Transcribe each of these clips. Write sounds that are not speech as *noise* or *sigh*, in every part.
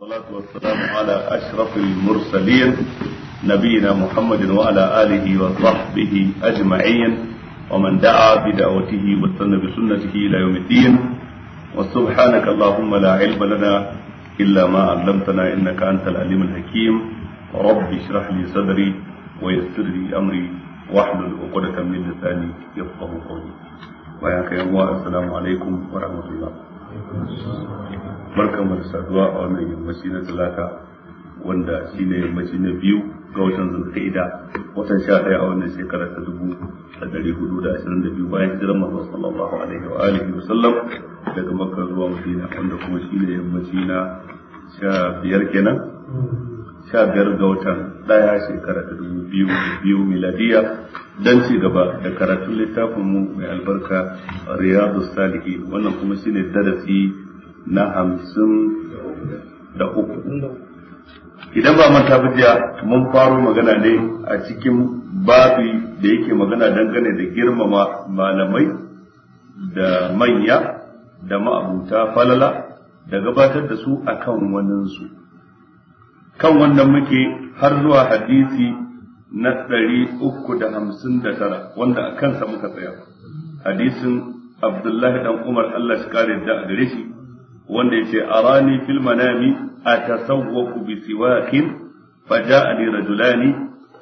والصلاة والسلام على أشرف المرسلين نبينا محمد وعلى آله وصحبه أجمعين ومن دعا بدعوته واستنى بسنته إلى يوم الدين وسبحانك اللهم لا علم لنا إلا ما علمتنا إنك أنت العليم الحكيم رب اشرح لي صدري ويسر لي أمري واحلل عقدة من لساني يفقه قولي ويا الله السلام عليكم ورحمة الله barkan mu da saduwa a wannan yammaci na talata wanda shi ne yammaci na biyu ga watan zulka'ida watan sha ɗaya a wannan shekara ta dubu da ɗari hudu da ashirin da biyu bayan hijiran masu sallallahu alaihi wa alihi wa sallam daga makka zuwa madina wanda kuma shi ne yammaci na sha biyar kenan sha biyar ga watan ɗaya shekara ta dubu biyu biyu miladiya don ci gaba da karatun littafin mu mai albarka riyadu salihi wannan kuma shine darasi na hamsin da uku idan ba manta bijiya mun faro magana ne a cikin babi da yake magana dangane da girmama malamai da manya da ma'abuta falala da gabatar da su akan waninsu kan wannan muke har zuwa hadisi na ɗari uku da hamsin da tara wanda a kansa muka tsaya hadisin abdullahi dan umar allah shi kare da a gare shi wanda ya ce arani fil manami a tasawwaku bi siwakin faja'ani rajulani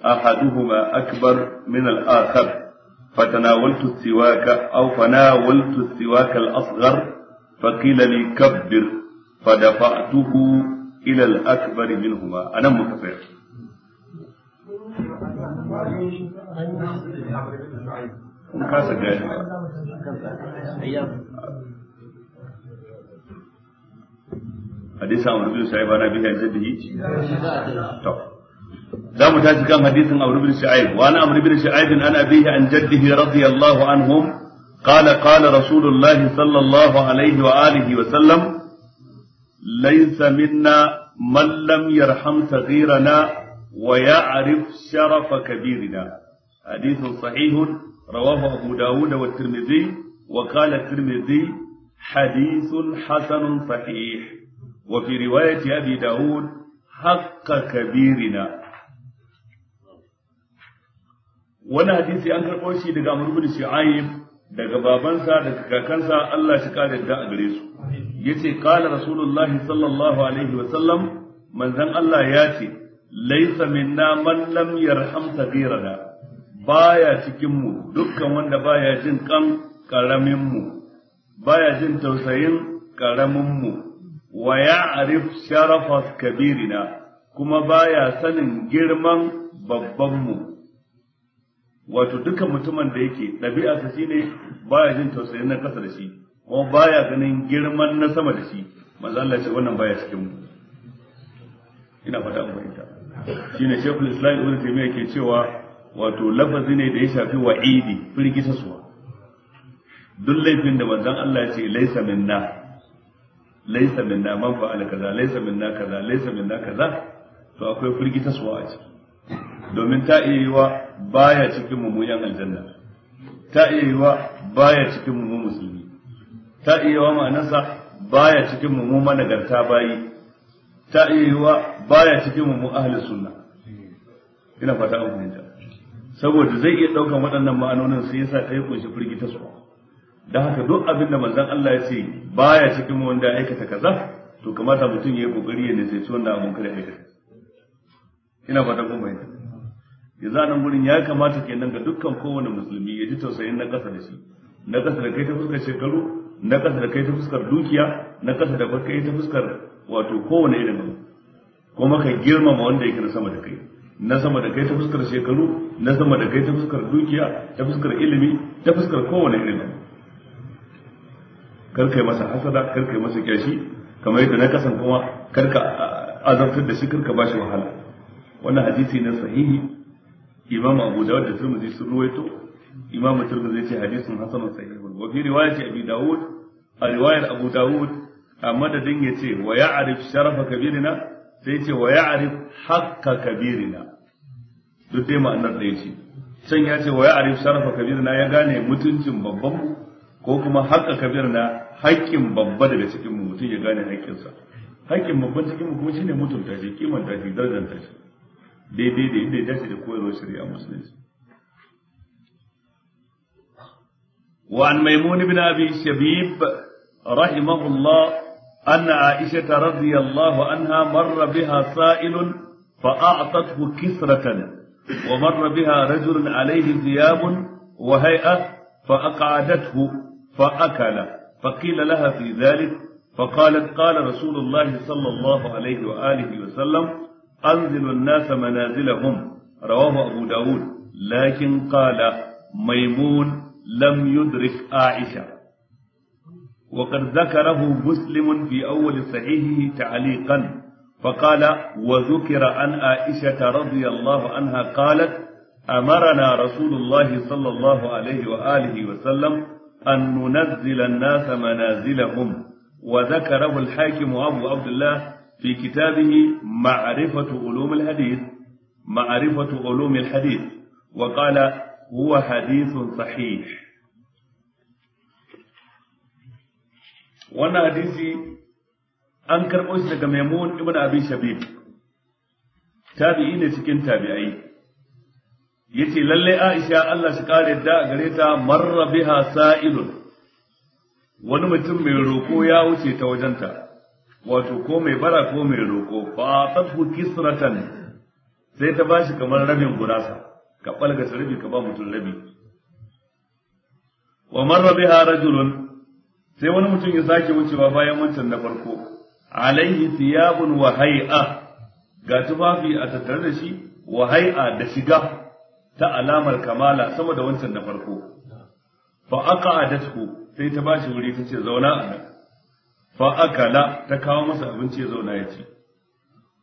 ahaduhuma akbar min al-akhar فتناولت السواك أو فناولت السواك الأصغر فقيل لي كبر فدفعته ila al-akbar minhuma anan muka tsaya kun kasa gani hadisin Abu Bin Sa'ib ana bihi jaddihi za mu tashi kan hadisin Abu Bin Sa'ib wa ana Abu Bin Sa'ib bihi an jaddihi anhum قال قال رسول الله صلى الله عليه وآله وسلم ليس منا من لم يرحم صغيرنا ويعرف شرف كبيرنا حديث صحيح رواه أبو داود والترمذي وقال الترمذي حديث حسن صحيح وفي رواية أبي داود حق كبيرنا wani hadisi an karɓo shi daga Amr ibn Shu'aib daga babansa daga kakansa Allah shi kare da a gare su yace qala rasulullahi sallallahu alaihi wa sallam manzon Allah ya ce laisa minna man lam yarham sagirana baya cikin mu dukkan wanda baya jin kan karamin mu baya jin tausayin karamin mu wa ya'rif sharafa kabirina kuma baya sanin girman babban mu wato dukkan mutumin da yake ɗabi'arsa shine baya jin tausayin na kasa da shi ko baya ganin girman na sama da shi mazalla Allah ce wannan baya cikin mu ina fata mu fahimta shine Sheikhul Islam Ibn Taymiyyah ke cewa wato lafazi ne da ya shafi wa'idi firgita suwa duk laifin da manzon Allah ya ce laisa minna laisa minna man fa'ala kaza laisa minna kaza laisa minna kaza to akwai firgita suwa a ciki domin ta iya yiwa baya cikin mu yan aljanna ta iya yiwa baya cikin mu musulmi ta iya wa ma'anarsa baya cikin mu managarta bayi ta iya yi wa baya cikin mu mu suna. sunna ina fata an fahimta saboda zai iya daukan waɗannan ma'anonin sai yasa kai kunshi firgita su dan haka duk abin da manzon Allah ya ce baya cikin mu wanda aikata kaza to kamata mutum ya yi kokari ya su wannan abun kare aikata ina fata kun fahimta yanzu nan gurin ya kamata kenan ga dukkan kowane musulmi ya ji tausayin na ƙasa da shi na ƙasa da kai ta fuskar shekaru na kasa da kai ta fuskar dukiya na kasa da kai ta fuskar wato kowane irin abu kuma ka girmama wanda yake na sama da kai na sama da kai ta fuskar shekaru na sama da kai ta fuskar dukiya ta fuskar ilimi ta fuskar kowane irin abu kar kai masa hasada kar kai masa kyashi kamar yadda na kasan kuma kar ka azabtar da shi kar ka bashi wahala wannan hadisi na sahihi imam abu dawud da zai sun ruwaito imam turmi zai ce hadisin hasanun sahihi wa fi riwayati abi daud a riwayar abu daud a madadin yace wa ya'rif sharafa kabirina sai ce wa ya'rif haqqa kabirina duk dai ma'anar da yace can ya ce wa ya'rif sharafa kabirina ya gane mutuncin babban ko kuma haqqa kabirina haƙƙin babba daga cikin mutum ya gane haƙƙinsa haƙƙin babban cikin mu kuma shine mutunta shi kimanta shi darjanta shi daidai da yadda ya dace da koyarwar shari'a musulunci وعن ميمون بن أبي شبيب رحمه الله أن عائشة رضي الله عنها مر بها سائل فأعطته كسرة ومر بها رجل عليه ثياب وهيئة فأقعدته فأكل فقيل لها في ذلك فقالت قال رسول الله صلى الله عليه وآله وسلم أنزل الناس منازلهم رواه أبو داود لكن قال ميمون لم يدرك عائشة وقد ذكره مسلم في أول صحيحه تعليقا فقال وذكر عن عائشة رضي الله عنها قالت أمرنا رسول الله صلى الله عليه وآله وسلم أن ننزل الناس منازلهم وذكره الحاكم أبو عبد الله في كتابه معرفة علوم الحديث معرفة علوم الحديث وقال huwa hadisin sahih Wani hadisi an karɓo shi daga maimun ibn abi shabib tabi'i ne cikin tabi'ai yace lalle Aisha Allah shi kare da gare ta marra biha sa'ilun wani mutum mai roko ya wuce ta wajenta wato ko mai bara ko mai roko fa tatfu kisratan sai ta bashi kamar rabin gurasa ka balga rabi ka ba mutum rabi wa marra biha rajulun sai wani mutum ya sake wucewa bayan wancan na farko alaihi thiyabun wa hay'a ga tufafi a tattare da shi wa hay'a da shiga ta alamar kamala saboda wancan na farko fa aqa'adathu sai ta bashi wuri ta ce zauna a nan fa akala ta kawo masa abinci ya zauna ya ci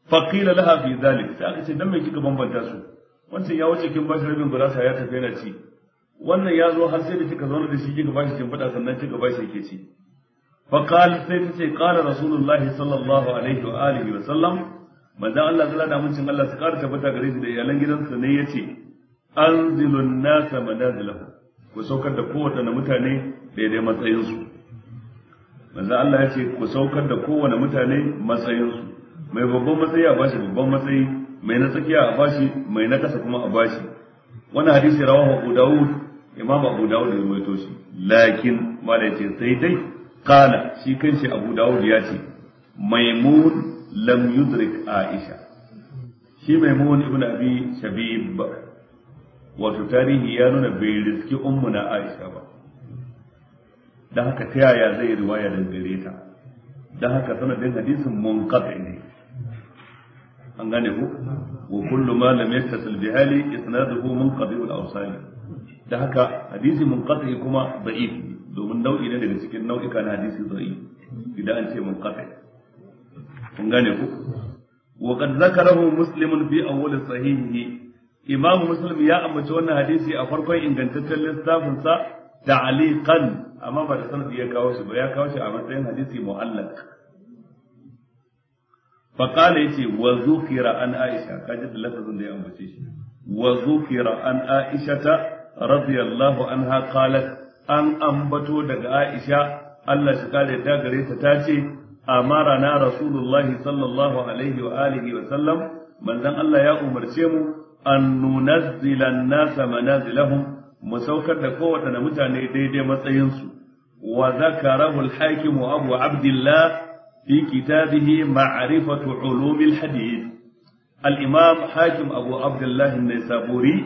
fa qila laha fi dhalik sai aka ce dan me kika bambanta su wancan ya wuce kin bashi rabin gurasa ya tafi yana ci wannan ya zo har sai da kika zauna da shi kika bashi kin fada sannan kika bashi yake ci fa qala sai ta ce qala rasulullahi sallallahu alaihi wa alihi wa sallam manzo Allah zalla da muncin Allah su karanta bata gare shi da iyalan gidansa ne yace anzilun nasa manazilahum ku saukar da kowanne mutane daidai matsayinsu manzo Allah ya ce ku saukar da kowanne mutane matsayinsu mai babban matsayi a bashi babban matsayi mai na tsakiya a bashi mai na kasa kuma a bashi wani hadisi rawahu abu dawud imam abu dawud ya rawaito shi lakin malai ce sai dai kana shi kanshi abu dawud ya ce maimun lam yudrik aisha shi maimun ibn abi shabib wato tarihi ya nuna bai riski na aisha ba dan haka ta yaya zai riwaya dangare ta dan haka sanadin hadisin munqati ne an gane ku wa kullu ma lam yattasil bi hali isnaduhu munqati wal awsali da haka hadisi munqati kuma da'if domin nau'i ne daga cikin nau'ika na hadisi da'if idan an ce munqati an gane ku wa qad zakarahu muslimun fi awwal sahihi imam muslim ya ambaci wannan hadisi a farkon ingantaccen lissafin sa ta'liqan amma ba da sanadi ya kawo shi ba ya kawo shi a matsayin hadisi mu'allaq فقال يتي وذكر عن عائشة كاجد لفظ دي أمبتيش وذكر عن عائشة رضي الله عنها قالت أن أنبتو دق عائشة الله شكال داغري تتاتي أمرنا رسول الله صلى الله عليه وآله وسلم من ذن الله يا أمر أن ننزل الناس منازلهم مسوكر دقوة نمتاني دي دي مسينسو وذكره الحاكم أبو عبد الله في كتابه معرفة علوم الحديث الإمام حاكم أبو عبد الله النيسابوري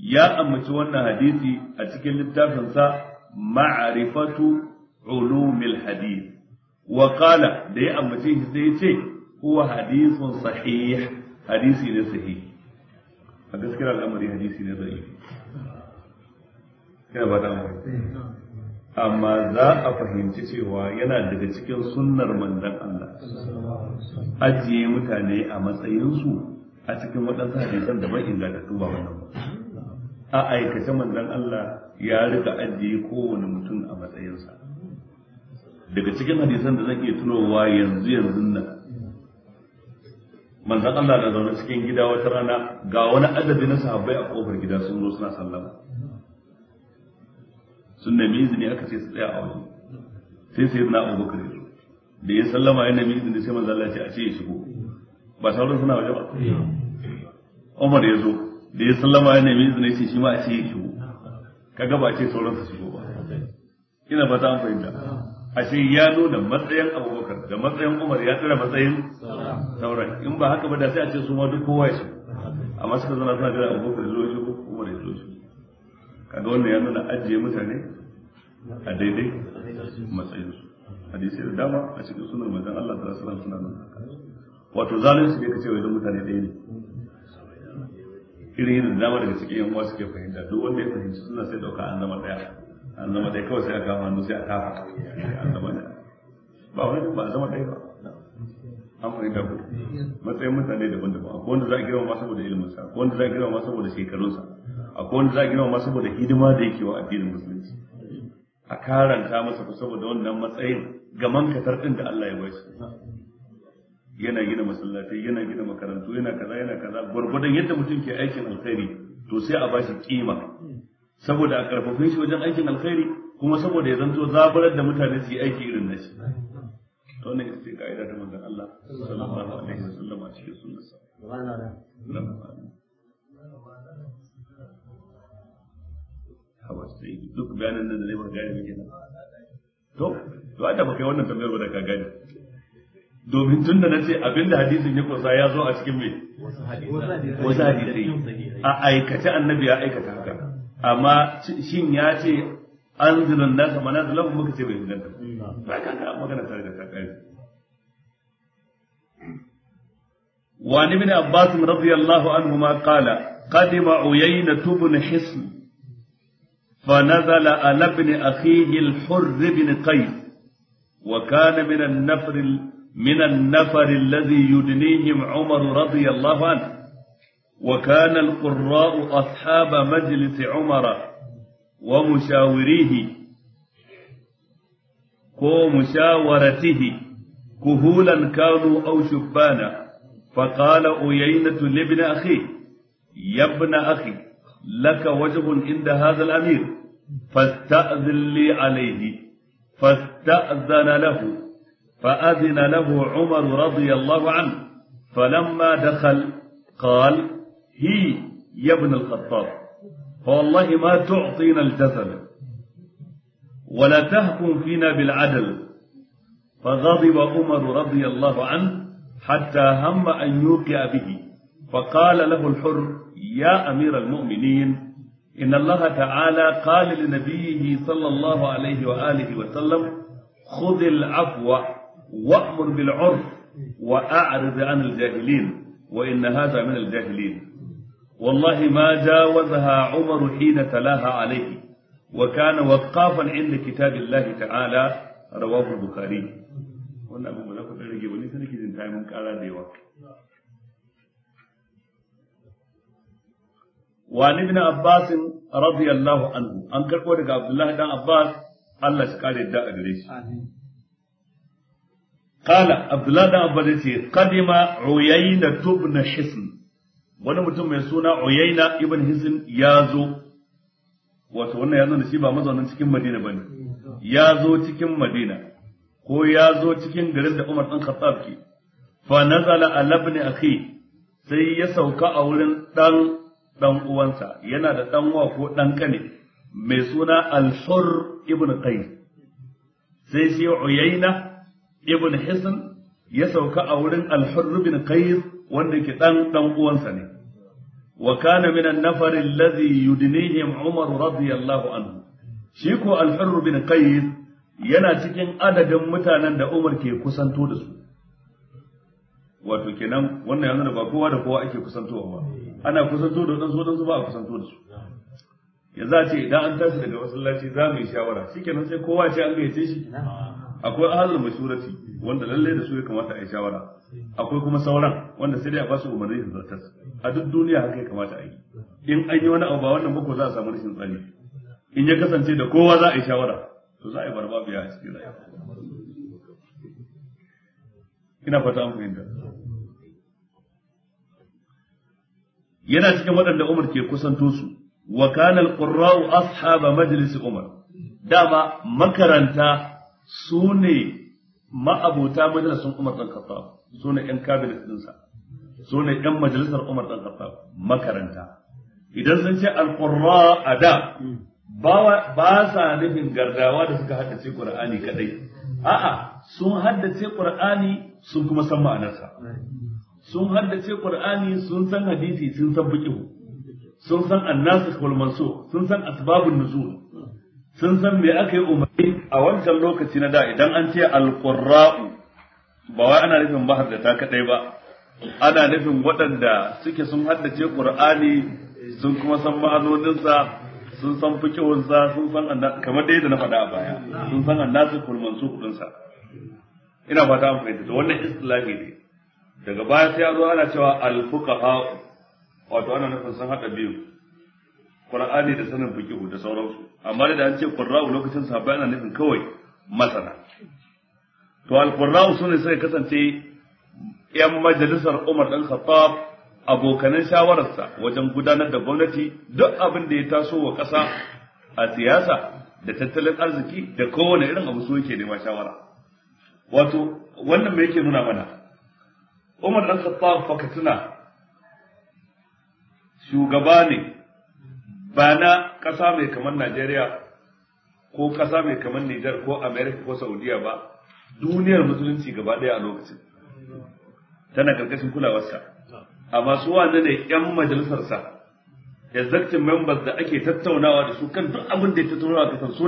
يا أمتونا حديثي أتكلم لبتافنسا معرفة علوم الحديث وقال دي أمتيه سيتي هو حديث صحيح حديثي صحيح أتذكر الأمر حديثي ضعيف كما بدأ amma za a fahimci cewa yana daga cikin sunnar manzon Allah ajiye mutane a matsayinsu a cikin waɗansu hadisan da bai ingantattu ba wannan ba a aikace manzon Allah ya rika ajiye kowane mutum a matsayinsa daga cikin hadisan da zan iya tunowa yanzu yanzu nan manzon Allah na zaune cikin gida wata rana ga wani adadi na sahabbai a kofar gida sun zo suna sallama sun nemi izini aka ce su tsaya a waje sai sai na Abu Bakar da ya sallama ya nemi izini sai manzo Allah ce a ce ya shigo ba sauran suna waje ba Umar ya zo da ya sallama ya nemi izini sai shi ma a ce ya shigo kaga ba ce sauran su shigo ba ina fata an fahimta ce ya nuna matsayin abubakar da matsayin umar ya tsira matsayin sauran in ba haka ba da sai a ce su ma duk kowa shi amma suka zana suna jira abubakar zo shi ko umar ya zo shi kaga wannan ya nuna ajiye mutane a daidai matsayin su hadisi da dama a cikin sunan manzon Allah sallallahu alaihi wasallam suna nan wato zalunci ne kace wai dan mutane ɗaya ne irin yin dama daga cikin yan uwa suke fahimta duk wanda ya fahimci suna sai dauka an zama daya an zama ɗaya kawai sai a kama hannu sai a kafa an zama ɗaya ba wani ba a zama ɗaya ba an fahimta ku matsayin mutane daban-daban akwai wanda za a girma ma saboda iliminsa akwai wanda za a girma ma saboda shekarunsa akwai wanda za a girma ma saboda hidima da yake wa addinin musulunci a karanta masa ku saboda wannan matsayin ga mankatar ɗin da Allah ya bai su, yana gina masallatai yana gina makarantu yana kaza yana kaza gwargwadon yadda mutum ke aikin alkhairi to sai a bashi kima saboda a karfafin shi wajen aikin alkhairi kuma saboda ya zanto zaburar da mutane su yi aiki irin na shi to wannan ita ce ka'ida ta manzon Allah sallallahu alaihi wasallam a cikin sunnarsa sai duk bayanan nan da zai baka gane ba kenan to to da baka kai wannan tambayar ba da ka gane domin tun da nace abinda hadisin ya kusa ya zo a cikin me wasu hadisai a aikata annabi ya aikata haka amma shin ya ce anzilun nasa manazilahum muka ce bai inganta ba ka ga magana tare da ta kai وعن ابن عباس رضي الله عنهما قال قدم عيينة بن حصن فنزل على ابن أخيه الحر بن قيس وكان من النفر من النفر الذي يدنيهم عمر رضي الله عنه وكان القراء أصحاب مجلس عمر ومشاوريه ومشاورته كهولا كانوا أو شبانا فقال أيينة لابن أخيه يا ابن أخي لك وجب عند هذا الأمير فاستأذن لي عليه فاستأذن له فأذن له عمر رضي الله عنه فلما دخل قال هي يا ابن الخطاب فوالله ما تعطينا الجسد ولا تهكم فينا بالعدل فغضب عمر رضي الله عنه حتى هم أن يوقع به فقال له الحر يا أمير المؤمنين إن الله تعالى قال لنبيه صلى الله عليه وآله وسلم خذ العفو وأمر بالعرف وأعرض عن الجاهلين وإن هذا من الجاهلين والله ما جاوزها عمر حين تلاها عليه وكان وقافا عند كتاب الله تعالى رواه البخاري wannan abu ba za ku ɗan rage ba ni sai nake jin ta mun ƙara da yawa وعن ابن عباس رضي الله عنه أن كربو عبد الله بن عباس الله شكاري دا أجريش قال عبد الله بن عباس قدم عيينة بن حسن wani mutum mai suna Uyayna ibn Hizn ya zo wato wannan ya zo da shi ba mazaunin cikin Madina bane ya zo cikin Madina ko ya zo cikin garin da Umar dan Khattab ke fa nazala ala ibn akhi sai ya sauka a wurin dan Ɗan uwansa yana da dan wa ko mai suna al-hur ibn qais sai shi uyayna ibn hisn ya sauka a wurin al-hur ibn qais wanda ke dan ɗan uwansa ne wa kana min an-nafar alladhi yudnihim umar radiyallahu anhu shi ko al ibn qais yana cikin adadin mutanen da umar ke kusanto da su wato kenan wannan yanzu da ba kowa da kowa ake kusantowa ba ana kusanto da wadansu wadansu ba a kusanto da su ya a ce idan an tashi daga masallaci za mu yi shawara shikenan sai kowa ce an gayyace shi akwai mai surati wanda lalle da su ya kamata a yi shawara akwai kuma sauran wanda sai dai a ba su umarni su zartas a duk duniya haka ya kamata a yi in an yi wani abu ba wannan bako za a samu rashin tsari in ya kasance da kowa za a yi shawara to za a yi biya a cikin rayuwa ina fata an fahimta yana cikin waɗanda Umar ke kusanto su wa kana al-qurra'u ashaba majlis Umar dama makaranta sune ma'abota majalisar Umar ɗan Khattab sune ɗan cabinet ɗinsa sune ɗan majalisar Umar ɗan Khattab makaranta idan sun ce al-qurra ada ba sa nufin gardawa da suka haddace Qur'ani kadai a'a sun haddace Qur'ani sun kuma san ma'anarsa sun haddace qur'ani sun san hadisi sun san fiqh sun san annasikh wal mansukh sun san asbabun nuzul sun san me aka yi umarni a wancan lokaci na da idan an ce alqurra'u ba wai ana nufin bahar da ta kadai ba ana nufin waɗanda suke sun haddace qur'ani sun kuma san ma'anoninsa sun san fikihunsa sun san kamar dai da na faɗa a baya sun san annasikh wal mansukh dinsa ina fata an fahimta to wannan islami ne daga baya sai ya zo ana cewa al-fuqaha wato ana nufin sun hada biyu qur'ani da sanin fiqh da sauransu amma da an ce qurra'u lokacin sahabbai ana nufin kawai masana to al-qurra'u sune sai kasance yan majalisar Umar dan Khattab abokanan shawararsa wajen gudanar da gwamnati duk abin da ya taso wa ƙasa a siyasa da tattalin arziki da kowane irin abu so yake nema shawara wato wannan me yake nuna mana Umar dan Khattab fa ka tuna shugaba ne ba na ƙasa mai kamar Najeriya ko ƙasa mai kamar Nijar ko Amerika ko Saudiya ba duniyar musulunci gaba ɗaya a lokacin tana karkashin kulawarsa amma su wane ne ƴan majalisarsa exacting members da ake tattaunawa da su kan duk abin da ya tattaunawa kasan su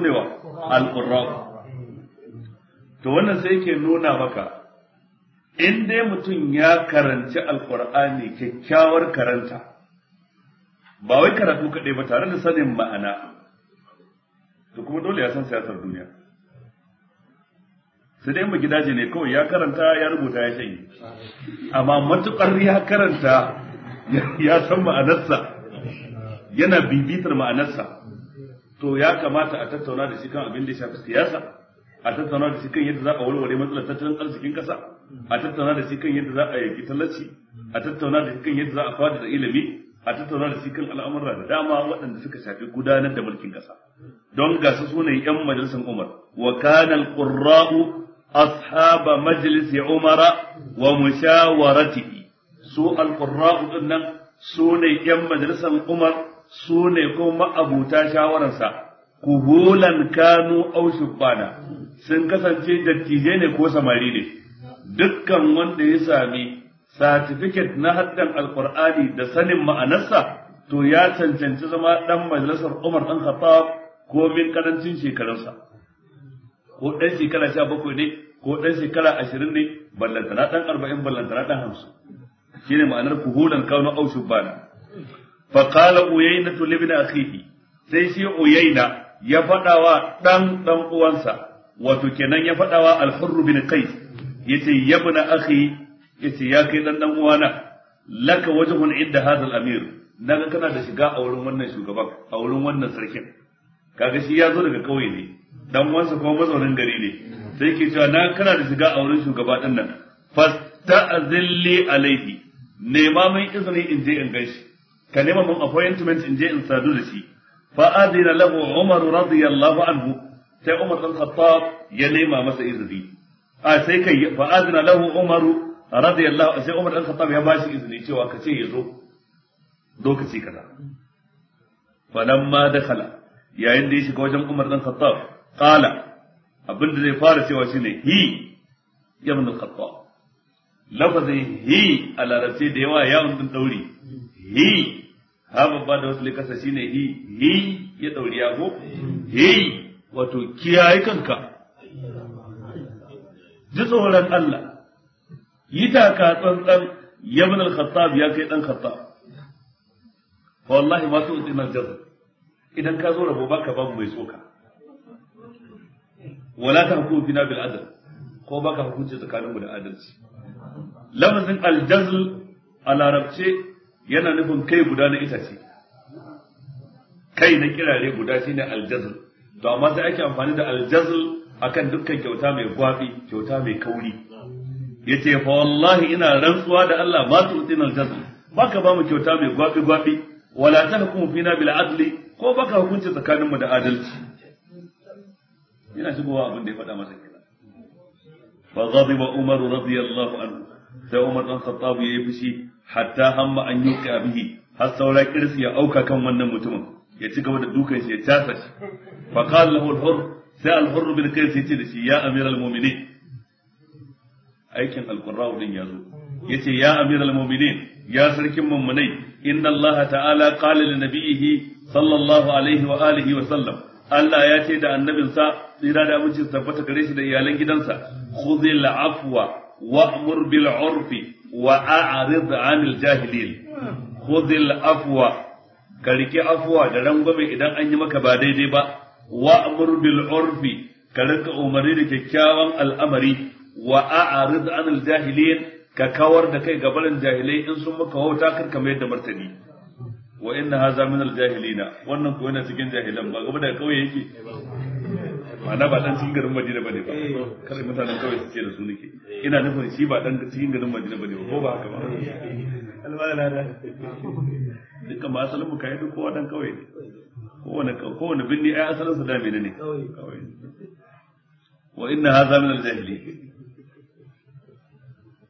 al wa to wannan sai yake nuna maka in dai mutum ya karanci alkur'ani kyakkyawar karanta ba wai karatu kaɗai ba tare da sanin ma'ana to kuma dole ya san siyasar duniya sai dai magidaje ne kawai ya karanta ya rubuta ya shayi amma matuƙar ya karanta ya san ma'anarsa yana bibitar ma'anarsa to ya kamata a tattauna da shi kan abin da ya shafi siyasa a tattauna da shi kan yadda za a warware matsalar tattalin arzikin kasa a tattauna da shi kan yadda za a yi talauci a tattauna da shi kan yadda za a fada da ilimi a tattauna da shi kan al'amura da dama waɗanda suka shafi gudanar da mulkin ƙasa don ga su sunayen yan majalisar Umar wa kana al-qurra'u ashaba majlis Umara wa mushawaratihi su al-qurra'u dinnan sunayen yan majalisar Umar sune kuma abuta shawararsa kubulan kanu au shubbana sun kasance dattijai ne ko samari ne dukkan wanda ya sami satifiket na haddan alkur'ani da sanin ma'anarsa to ya cancanci zama dan majalisar Umar dan Khattab ko min karancin shekarunsa ko dan shekara 17 ne ko dan shekara 20 ne ballantana dan 40 ballantana dan 50 shine ma'anar kuhulan kaunu au bana fa qala uyayna libni akhihi sai shi uyayna ya fadawa dan dan uwansa wato kenan ya fadawa al-hurr bin qais yace yabna akhi yace ya kai dan dan uwana laka wajhun inda hadha al-amir naga kana da shiga a wurin wannan shugaban a wurin wannan sarkin kaga shi ya zo daga kauye ne dan wansa kuma mazaunin gari ne sai ke cewa na kana da shiga a wurin shugaba din nan fasta'zilli alaihi nema min izini in je in gaishe ka nema min appointment in je in sadu da shi fa adina lahu umar radiyallahu anhu sai umar dan khattab ya nema masa izini a sai kai fa azna lahu umar radiyallahu sai umar dan khattab ya bashi izini cewa ka ce yazo lokaci kaza da dakhala yayin da ya shiga wajen umar dan khattab qala abin da zai fara cewa shine hi ya ibn khattab lafazin hi a larabci da yawa ya din dauri hi ha babba da wasu likasa shine hi hi ya dauri go hi wato kiyaye kanka ji tsoron Allah yi taka tsantsan ya bin al-khattab ya kai dan khattab fa wallahi ma su tsina jazza idan ka zo rabo baka babu mai tsoka wala ta hukumu fina bil adl ko baka hukunci tsakanin mu da adalci lafazin al a larabce yana nufin kai guda na itace kai na kirare guda shine al-jazl to amma sai ake amfani da al akan dukkan kyauta mai gwabi kyauta mai kauri yace fa wallahi ina rantsuwa da Allah ma tu utina al-jazl baka ba mu kyauta mai gwabi gwabi wala tahkum fina bil adli ko baka hukunci tsakaninmu da adalci Ina shigowa abin da ya faɗa masa kenan fa ghadiba umar radiyallahu anhu sai umar dan khattab yayi fushi hatta hamma an yuqa bihi har saura kirsi ya auka kan wannan mutumin ya ci gaba da dukan shi ya tasa shi fa qala lahu al-hur sai al-hurr bin qais ce da shi ya amiral mu'minin aikin al-qurra'u din yazo yace ya amiral mu'minin ya sarkin mummunai inna allaha ta'ala qala li nabiyhi sallallahu alaihi wa alihi wa sallam Allah ya ce da annabinsa tsira da aminci su tabbata gare shi da iyalan gidansa khudhil afwa wa'mur bil urfi wa a'rid 'anil jahilin khudhil afwa ka riki afuwa da rangwame idan an yi maka ba daidai ba وأمر بالعرف كذلك ka rinka umarni da kyakkyawan al'amari wa a'rid قبل jahilin ka kawar da kai gabanin jahilai in sun maka الجاهلين kar ka mayar جاهلين martani wa inna hadha min ba dan cikin garin Madina bane ba kar mutanen kauye suke da su ina nufin shi ba dan cikin garin Madina bane ba ko ba haka ba alwala da dukkan ma asalin kai duk kowa dan kauye kowane kowane binni ai asalin sa da ne? wa inna hadha min al-jahili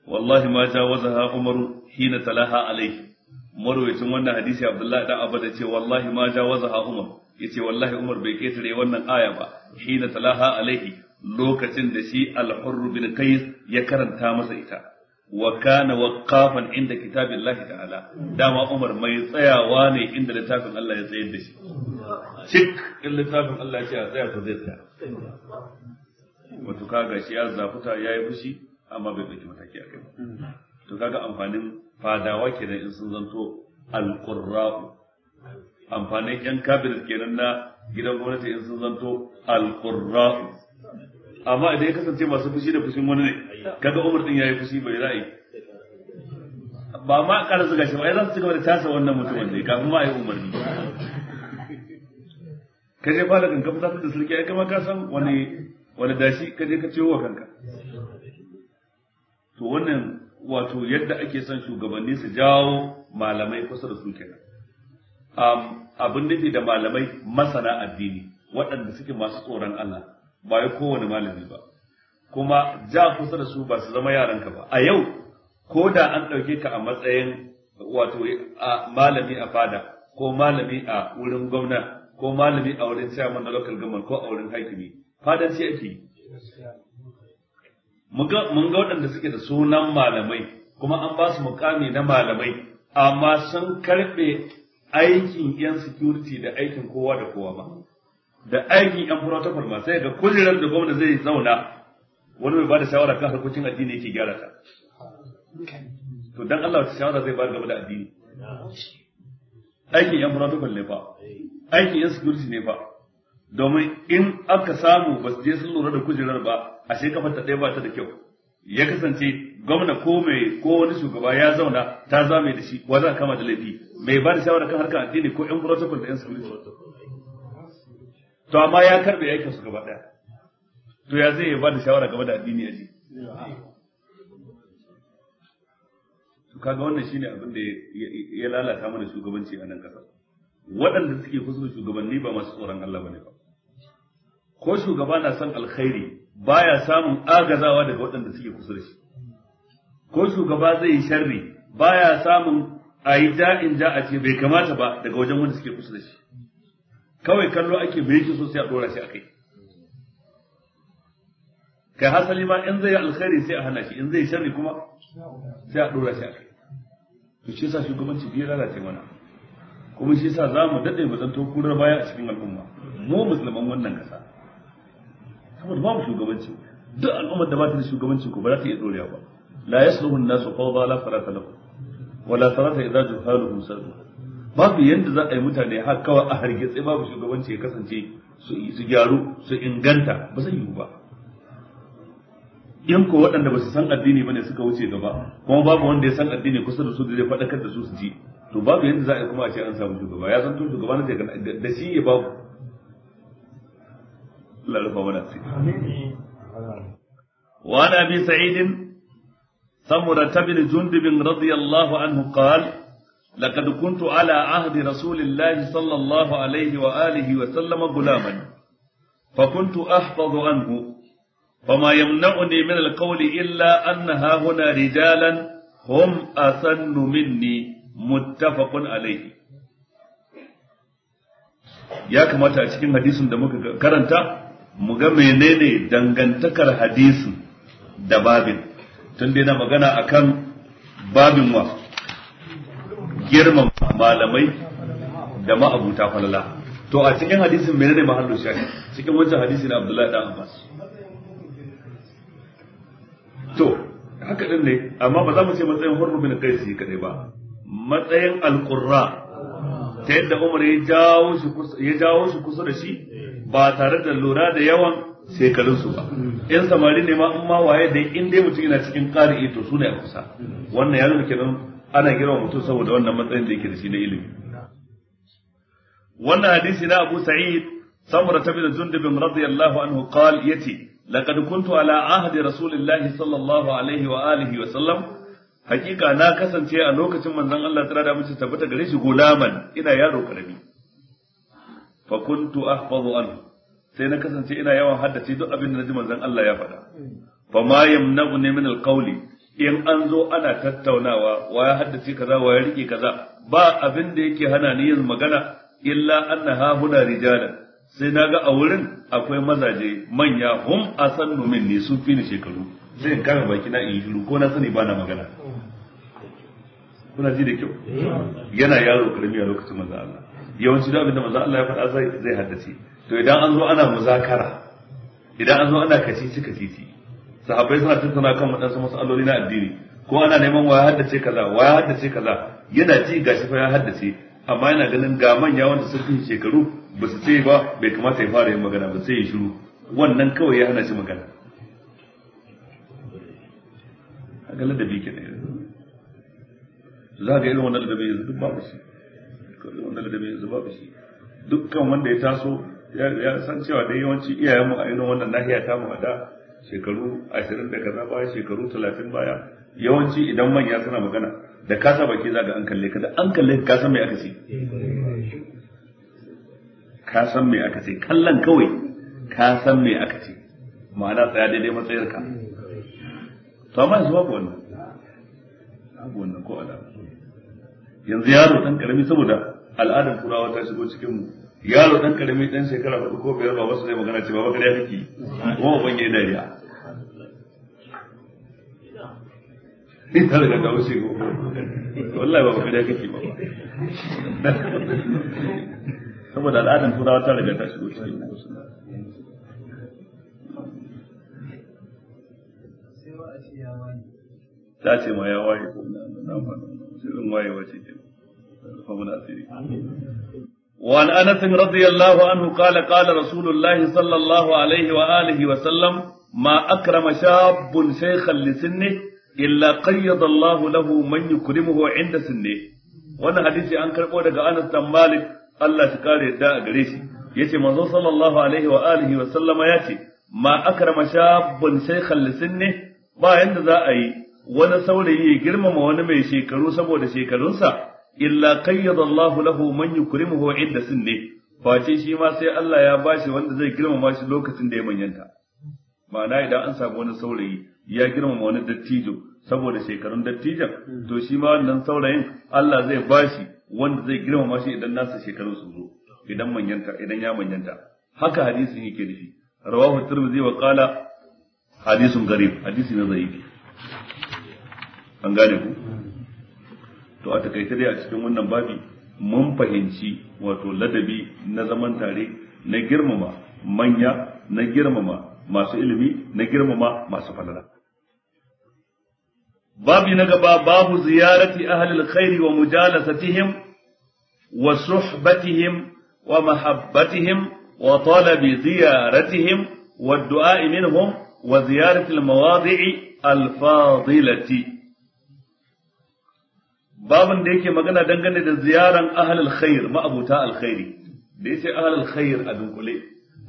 wallahi ma jawazaha umaru hina talaha alayhi marwayacin wannan hadisi abdullahi dan abada ce wallahi ma jawazaha umar yace wallahi umar bai ketare wannan aya ba hina talaha alaihi lokacin da shi al-hurr bin qais ya karanta masa ita wa kana waqafan inda kitabillahi ta'ala dama Umar mai tsayawa ne inda littafin Allah ya tsaye da shi cik in littafin Allah ya ce a tsaya to zai tsaya wato kaga shi ya zafuta yayi fushi amma bai dauki mataki akai ba to kaga amfanin fadawa kenan in sun zanto alqurra'u amfanin yan kabinet kenan na gidan gwamnati in sun zanto alqurra'u amma idan ya kasance masu fushi da fushin wani ne kaga Umar din yayi fushi bai ra'ayi ba ma ƙara zuga shi ba ai za su cigaba da tasa wannan mutumin ne kafin ma ayi umarni ka je fara kanka ta da sarki ai kama ka san wani wani dashi ka je ka ciwo wa kanka to wannan wato yadda ake son shugabanni su jawo malamai kusa da su kenan abin ke da malamai masana addini waɗanda suke masu tsoron Allah ba ya kowane malami ba kuma ja kusa da su ba su zama yaranka ba a yau ko da an ɗauke ka a matsayin wato a malami a fada ko malami a wurin gwamna ko malami a wurin chairman na local government ko a wurin hakimi fadan sai ake yi mun ga waɗanda suke da sunan malamai kuma an ba su mukami na malamai amma sun karɓe aikin yan security da aikin kowa da kowa ba da aikin yan protocol ma sai ga kujerar da gwamna zai zauna wani mai bada shawara kan harkokin addini yake gyara ta to dan Allah wata shawara zai bayar game da addini aikin yan protocol ne fa aikin yan security ne fa domin in aka samu ba su je sun lura da kujerar ba a kafar ta ɗaya ba ta da kyau ya kasance gwamna ko mai ko wani shugaba ya zauna ta zame da shi wa za kama da laifi mai ba da shawara kan harkar addini ko yan protocol da yan security to amma ya karbe aikin su gaba daya to ya zai ba da shawara gaba da addini a to kaga wannan shine abin da ya lalata mana shugabanci a nan kasar waɗanda suke kusa shugabanni ba masu tsoron Allah bane ba ko shugaba na son alkhairi baya samun agazawa daga waɗanda suke kusa da shi ko shugaba zai yi sharri baya samun a yi ja'in ja a ce bai kamata ba daga wajen wanda suke kusa da shi kawai kallo ake bai yake so sai a dora shi akai kai hasali ma in zai alkhairi sai a hana shi in zai sharri kuma sai a dora shi akai to shi yasa shugabanci bai lalace mana kuma shi yasa za mu daɗe mu zanto kurar baya a cikin al'umma mu musulman wannan kasa saboda babu shugabanci duk al'ummar da ba ta da shugabanci ko ba za ta iya dorewa ba la yasluhu an-nasu fawda la farata lahum wa la farata idza juhaluhum sadu babu yadda za a yi mutane har kawai a hargitse babu shugabanci ya kasance su gyaru su inganta ba zai yiwu ba in ko waɗanda ba su san addini ba ne suka wuce gaba kuma babu wanda ya san addini kusa da su da zai faɗakar da su su ji to babu yadda za a yi kuma a ce an samu shugaba ya san tun shugaba na da shi ya babu lalufa rufa mana sai wa ana bi sa'idin samura tabin jundubin radiyallahu anhu qala لقد كنت على عهد رسول الله صلى الله عليه وآله وسلم غلاما فكنت أحفظ عنه فما يمنعني من القول إلا أنها هنا رجالا هم أسن مني متفق عليه ya kamata a cikin hadisin da muka karanta mu ga menene dangantakar hadisin da babin tun da yana magana akan babin wa girmama malamai da ma'abuta falala to a cikin hadisin ne mahallu shahi cikin wancan hadisi na Abdullahi dan Abbas to haka din ne amma ba za mu ce matsayin hurru bin qaisi kadai ba matsayin alqurra ta yadda Umar ya jawo shi kusa ya jawo shi kusa da shi ba tare da lura da yawan shekarunsu ba in samari ne ma in ma waye da in dai mutum yana cikin qari'i to sune a kusa wannan ya nuna kenan ana girma mutum saboda wannan matsayin da yake da shi na ilimi wannan hadisi na Abu Sa'id Samura bin Jundub radiyallahu anhu qal yati laqad kuntu ala ahdi rasulillahi sallallahu alaihi wa alihi wa sallam hakika na kasance a lokacin manzon Allah tsara da mace tabbata gare shi gulaman ina yaro karami fa kuntu ahfazu anhu sai na kasance ina yawan haddace duk abin da naji manzon Allah ya faɗa fa ma yamna'u min alqawli in an zo ana tattaunawa wa ya haddace kaza wa ya rike kaza ba abin da yake hana ni yin magana illa anna ha huna rijalan sai naga a wurin akwai mazaje manya hum asannu minni sun fi ni shekaru Zai in baki na yi ko na sani ba na magana kuna ji da kyau yana yaro karami a lokacin manzo Allah yawanci da abin da manzo Allah ya faɗa zai haddace to idan an zo ana muzakara idan an zo ana kacici kacici sahabbai suna tattauna kan waɗansu matsaloli na addini ko ana neman wa ya haddace kaza wa ya haddace kaza yana ji gashi fa ya haddace amma yana ganin ga manya wanda sun fi shekaru ba su ce ba bai kamata ya fara yin magana ba sai ya shiru wannan kawai ya hana shi magana a ga ladabi ke ne za ga irin wannan ladabi yanzu duk babu shi wannan ladabi yanzu babu shi dukkan wanda ya taso ya san cewa dai yawanci iyayenmu a irin wannan nahiya ta mu hada da shekaru ashirin da kaza baya shekaru talatin baya yawanci idan manya suna magana da kasa baki za ga an kalle ka da an kalle ka san me aka ce ka san me aka ce kallon kawai ka san me aka ce ma'ana tsaya daidai matsayarka to amma yanzu babu wannan babu wannan ko alama yanzu yaro dan karami saboda al'adar turawa ta shigo cikin mu yaro dan karami dan shekara hudu ko biyar ba wasu ne magana ce ba ba kariya ko ban yi da riya ni ta daga ta wuce ko wallahi ba ba kariya kake ba saboda al'adan turawa ta riga ta shigo cikin ta ce ma ya waye ko na na ma sai waye ke na asiri وعن anasin رضي الله عنه قال قال رسول الله صلى الله عليه وآله وسلم ما أكرم شاب شيخا لسنه إلا قيض الله له من يكرمه عند سنه hadisi an karɓo daga Anas dan Malik Allah shi kare da a gare shi yace manzo sallallahu alaihi wa alihi wa sallama yace ma akrama shabbun shaykhan lisinni ba yanda za a yi wani saurayi ya girmama wani mai shekaru saboda shekarunsa illa qayyada Allah lahu man yukrimuhu inda sinni face shi ma sai Allah ya bashi wanda zai girmama shi lokacin da ya manyanta ma'ana idan an samu wani saurayi ya girmama wani dattijo saboda shekarun dattijan to shi ma wannan saurayin Allah zai bashi wanda zai girmama shi idan nasa shekarun su zo idan manyanta idan ya manyanta haka hadisin yake nufi rawahu tirmidhi wa qala hadisun garib hadisi ne zaifi an gane ku to a takaice dai a cikin wannan babi mun fahimci wato ladabi na zaman tare na girmama manya na girmama masu ilimi na girmama masu falala babi na gaba babu ziyarati ahlil khairi wa mujalasatihim wa suhbatihim wa mahabbatihim wa talabi ziyaratihim wa du'a minhum wa ziyarati al mawadi'i al fadilati babin da yake magana dangane da ziyaran ahlul khair ma'abuta alkhairi da yace ahlul khair a dunkule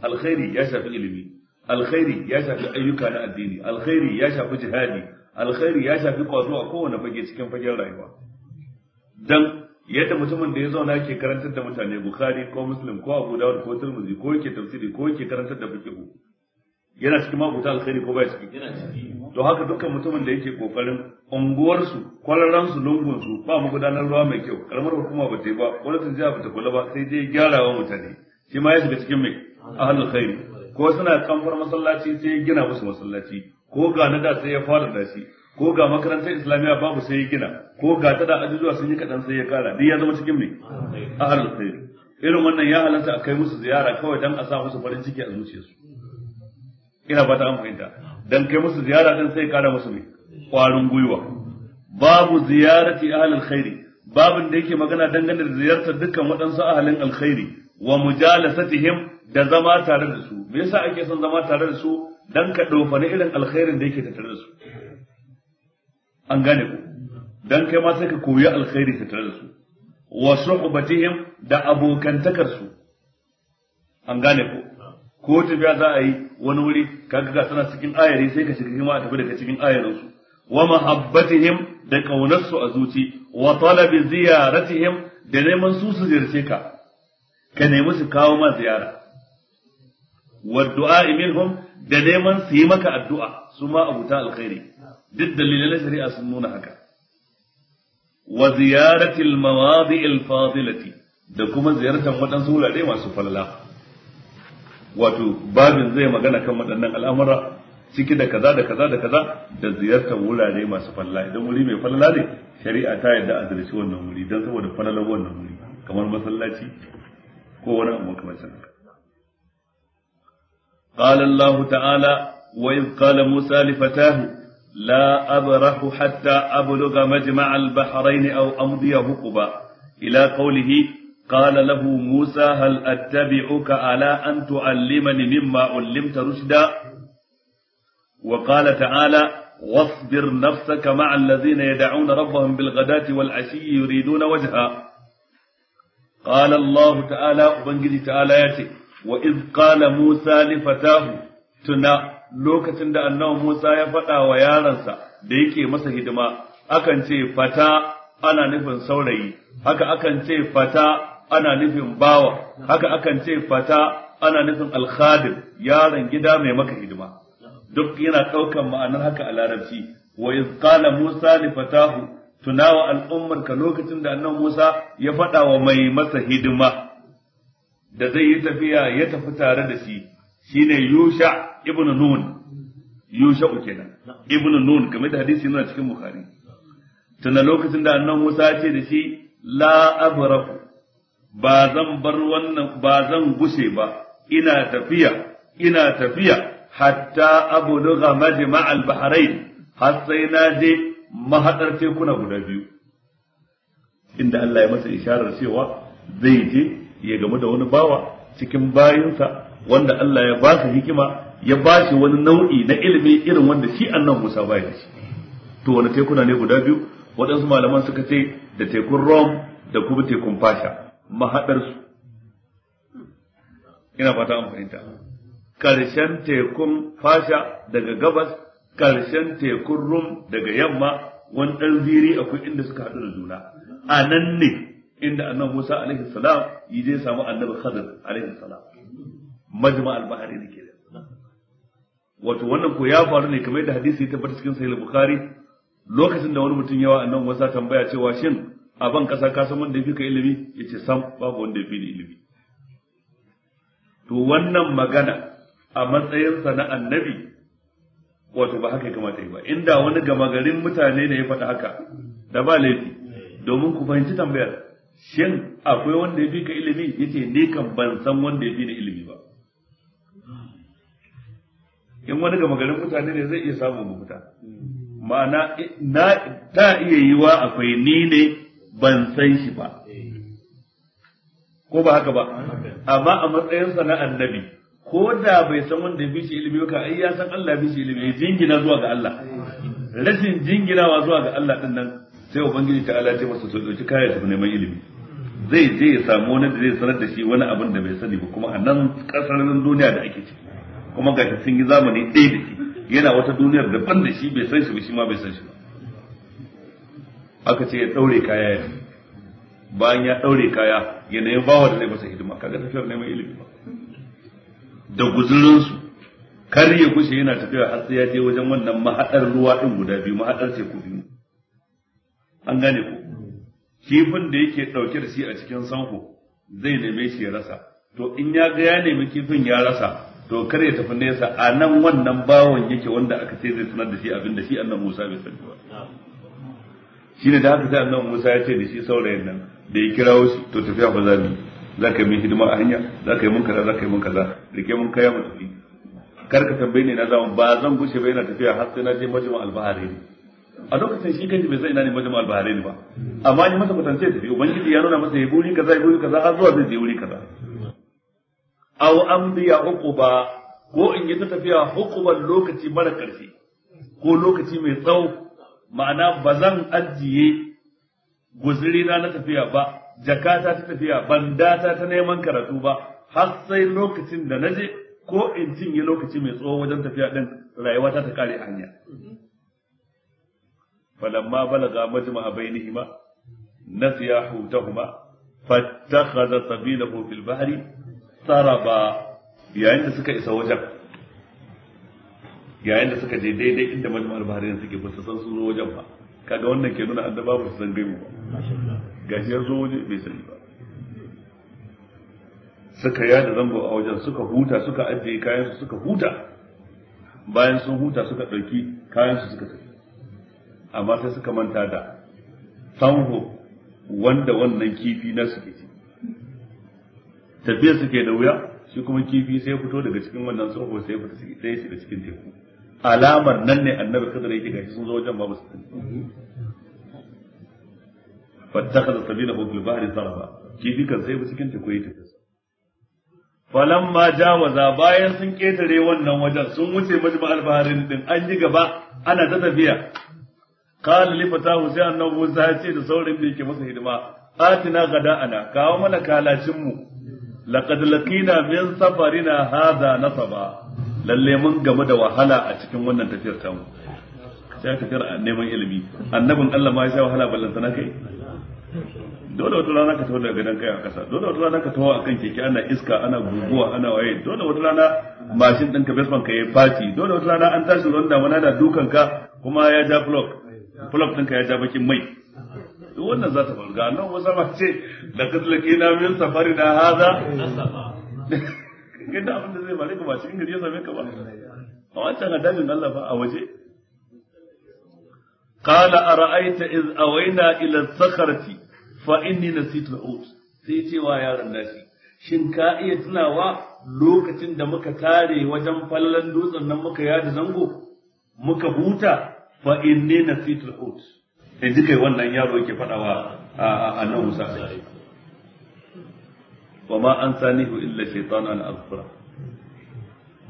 alkhairi ya shafi ilimi alkhairi ya shafi ayyuka na addini alkhairi ya shafi jihadi alkhairi ya shafi kwazo a kowane fage cikin fagen rayuwa dan yadda mutumin da ya zauna yake karantar da mutane bukhari ko muslim ko abu dawud ko tirmidhi ko yake tafsiri ko yake karantar da fiqh yana cikin mabuta alkhairi ko baya ciki yana ciki to haka dukkan mutumin da yake kokarin unguwarsu kwararansu lungunsu ba mu gudanar ruwa mai kyau karamar hukuma ba ta yi ba gwamnatin jiha ba ta kula ba sai dai gyarawa mutane shi ma ya shiga cikin mai ahlul khairi ko suna kamfar masallaci sai ya gina musu masallaci ko ga na da sai ya fara da shi ko ga makarantar islamiyya babu sai ya gina ko ga ta da ajujuwa sun yi kaɗan sai ya kara duk ya zama cikin mai ahlul khairi irin wannan ya halatta a kai musu ziyara kawai dan a sa musu farin ciki a zuciyarsu ina fata an fahimta dan kai musu ziyara din sai kada musu ne kwarin gwiwa babu ziyarati ahli khairi babin da yake magana dangane da ziyartar dukkan waɗansu ahalin alkhairi wa mujalasatihim da zama tare da su me yasa ake son zama tare da su dan ka ne irin alkhairin da yake tattare da su an gane ku dan kai ma sai ka koyi alkhairi tattare da su wa suhbatihim da abokantakar su an gane ku ko tafiya za a yi wani wuri kaga ga suna cikin ayari sai ka shiga hima a tafi daga cikin ayarin su wa mahabbatihim da kaunar su a zuci wa talabi ziyaratihim da neman su su ziyarce ka ka nemi su kawo ma ziyara wa du'a minhum da neman su yi maka addu'a su ma abuta alkhairi duk dalilan shari'a sun nuna haka wa ziyaratil mawadi'il fadilati da kuma ziyartar waɗansu wurare masu falala wato babin zai magana kan waɗannan al'amura ciki da kaza da kaza da kaza da ziyartar wurare masu falla idan wuri mai falla ne shari'a ta yadda a ziyarci wannan wuri don saboda fallalar wannan wuri kamar masallaci ko wani abu kamar haka قال الله تعالى وإذ قال موسى لفتاه لا أبرح حتى أبلغ مجمع البحرين أو أمضي هقبا إلى قوله قال له موسى هل أتبعك على أن تعلمني مما علمت رشدا وقال تعالى واصبر نفسك مع الذين يدعون ربهم بالغداة والعشي يريدون وجهه قال الله تعالى وبنجي تعالى ياتي وإذ قال موسى لفتاه تنا lokacin da annabi Musa ya faɗa wa yaransa da yake masa hidima akan ce fata ana nufin saurayi haka akan ce fata ana nufin bawa haka akan ce fata ana nufin alkhadim yaron gida mai maka hidima duk yana ɗaukan ma'anar haka a larabci wa iz qala musa li fatahu tunawa al'ummar ka lokacin da annabi musa ya faɗa wa mai masa hidima da zai yi tafiya ya tafi tare da shi shine yusha ibnu nun yusha kenan ibnu nun game da hadisi yana cikin bukhari tuna lokacin da annabi musa ya ce da shi la abrahu ba zan bar wannan ba zan gushe ba ina tafiya ina tafiya hatta ablugha majma' al-bahrain har sai na je mahaɗar tekuna guda biyu inda Allah ya masa isharar cewa zai je ya gamu da wani bawa cikin bayinsa wanda Allah ya ba su hikima ya ba shi wani nau'i na ilimi irin wanda shi annan Musa bai da shi to wani tekuna ne guda biyu waɗansu malaman suka ce da tekun Rome da kuma tekun Fasha Mahaɗarsu. ina fata an fahimta karshen tekun fasha daga gabas karshen tekun rum daga yamma wani ɗan ziri akwai inda suka haɗu da juna a nan ne inda annabi Musa alaihi salam yi je samu annabi Khadir alaihi salam majma al-bahari ne ke wato wannan ko ya faru ne kamar da hadisi ya tabbata cikin sahih bukhari lokacin da wani mutum yawa annabi Musa tambaya cewa shin a ban kasa ka san wanda fi ka ilimi yace sam babu wanda fi ni ilimi to wannan magana a matsayinsa na annabi wato ba haka ya kamata yi ba inda wani gama garin mutane ne ya faɗa haka da ba laifi domin ku fahimci tambayar shin akwai wanda ya fi ka ilimi yace ni kan ban san wanda ya fi ni ilimi ba in wani gama garin mutane ne zai iya samun mafita ma'ana na ta iya yiwa akwai ni ne ban san shi ba ko ba haka ba amma a matsayinsa na annabi ko da bai san wanda ya bishi ilimi ka ai ya san Allah bishi ilimi ya jingina zuwa ga Allah rashin jinginawa zuwa ga Allah din nan sai ubangiji ta Allah ya masa so dauki kai ta neman ilimi zai je ya samu wani da zai sanar da shi wani abin da bai sani ba kuma a nan kasarin duniya da ake ciki kuma ga sun yi zamani ɗaya da shi yana wata duniyar daban da shi bai san shi ba shi ma bai san shi ba aka ce ya daure kaya ya bayan ya daure kaya yanayin bawa da zai masa hidima kaga tafiyar neman ilimi ba da guzurinsu kar ya kushe yana tafiya har sai ya je wajen wannan mahadar ruwa din guda biyu mahadar teku biyu an gane ku kifin da yake dauke da shi a cikin sanko zai neme shi ya rasa to in ya ga ya nemi kifin ya rasa to kar ya tafi nesa a nan wannan bawon yake wanda aka ce zai sanar da shi abin da shi annan Musa bai sani ba shine da haka sai annabi Musa ya ce da shi saurayin nan da ya kirawo shi to tafiya ba za mu za ka yi min hidima a hanya za ka yi mun kaza za ka yi mun kaza rike mun kaya mu tafi kar ka tambaye ni na zama ba zan gushe ba yana tafiya har sai na je majma al-bahari ne a lokacin shi kanshi bai san ina ne majma al-bahari ne ba amma ni masa kwatance tafi ubangiji ya nuna masa ya buri kaza ya buri kaza har zuwa zai je wuri kaza aw amdiya uquba ko in yi ta tafiya hukuban lokaci mara karfi ko lokaci mai tsawo ma'ana ba zan ajiye guzuri na tafiya ba jakata ta tafiya bandata ta neman karatu ba har sai lokacin da na je ko in cinye lokaci mai tsawo wajen tafiya din rayuwata ta kare hanya falamma balaga majma'a bainihima siya hutahuma fattakhadha sabilahu fil bahri saraba yayin da suka isa wajen yayin da suka je daidai inda majmu'ul bahrain suke ba su san su zo wajen ba kaga wannan ke nuna annaba ba su san gaibu ba gashi ya zo waje bai sani ba suka yada zango a wajen suka huta suka ajiye kayan su suka huta bayan sun huta suka ɗauki kayan su suka tafi amma sai suka manta da sanho wanda wannan kifi na suke ci tafiya suke da wuya shi kuma kifi sai fito daga cikin wannan tsoho sai fita sai shiga cikin teku alamar nan ne annabi kadar yake gashi sun zo wajen ba musu fattakhadha sabilahu fil bahri sarfa kifi kan sai cikin teku yi tafiya ma jawaza bayan sun ketare wannan wajen sun wuce majma al baharin din an yi gaba ana ta tafiya qala li fatahu sai annabi Musa ya ce da saurin da yake masa hidima atina ana kawo mana kalacin mu laqad laqina min safarina hadha nasaba lalle mun game da wahala a cikin wannan tafiyar tamu sai tafiyar neman ilimi annabin Allah ma ya sa wahala ballanta na kai dole wata rana ka tawo daga gidan kai a kasa dole wata rana ka tawo akan keke ana iska ana guguwa ana waye dole wata rana mashin ɗinka basement ka yi fati dole wata rana an tashi ruwan damana da dukan ka kuma ya ja block block ɗinka ya ja bakin mai wannan za ta faru ga wasa Musa ce da katlaki na min safari da haza kai da abin da ka ba a wancan a waje ara'aita iz awayna ila sakharati fa inni nasitu al-ut sai ce wa yaron nashi shin ka iya tunawa lokacin da muka tare wajen fallan dutsen nan muka yada zango muka huta fa inni nasitu al-ut sai dukai wannan yaro yake faɗawa a nan musa wa ma an sanihu illa shaytan an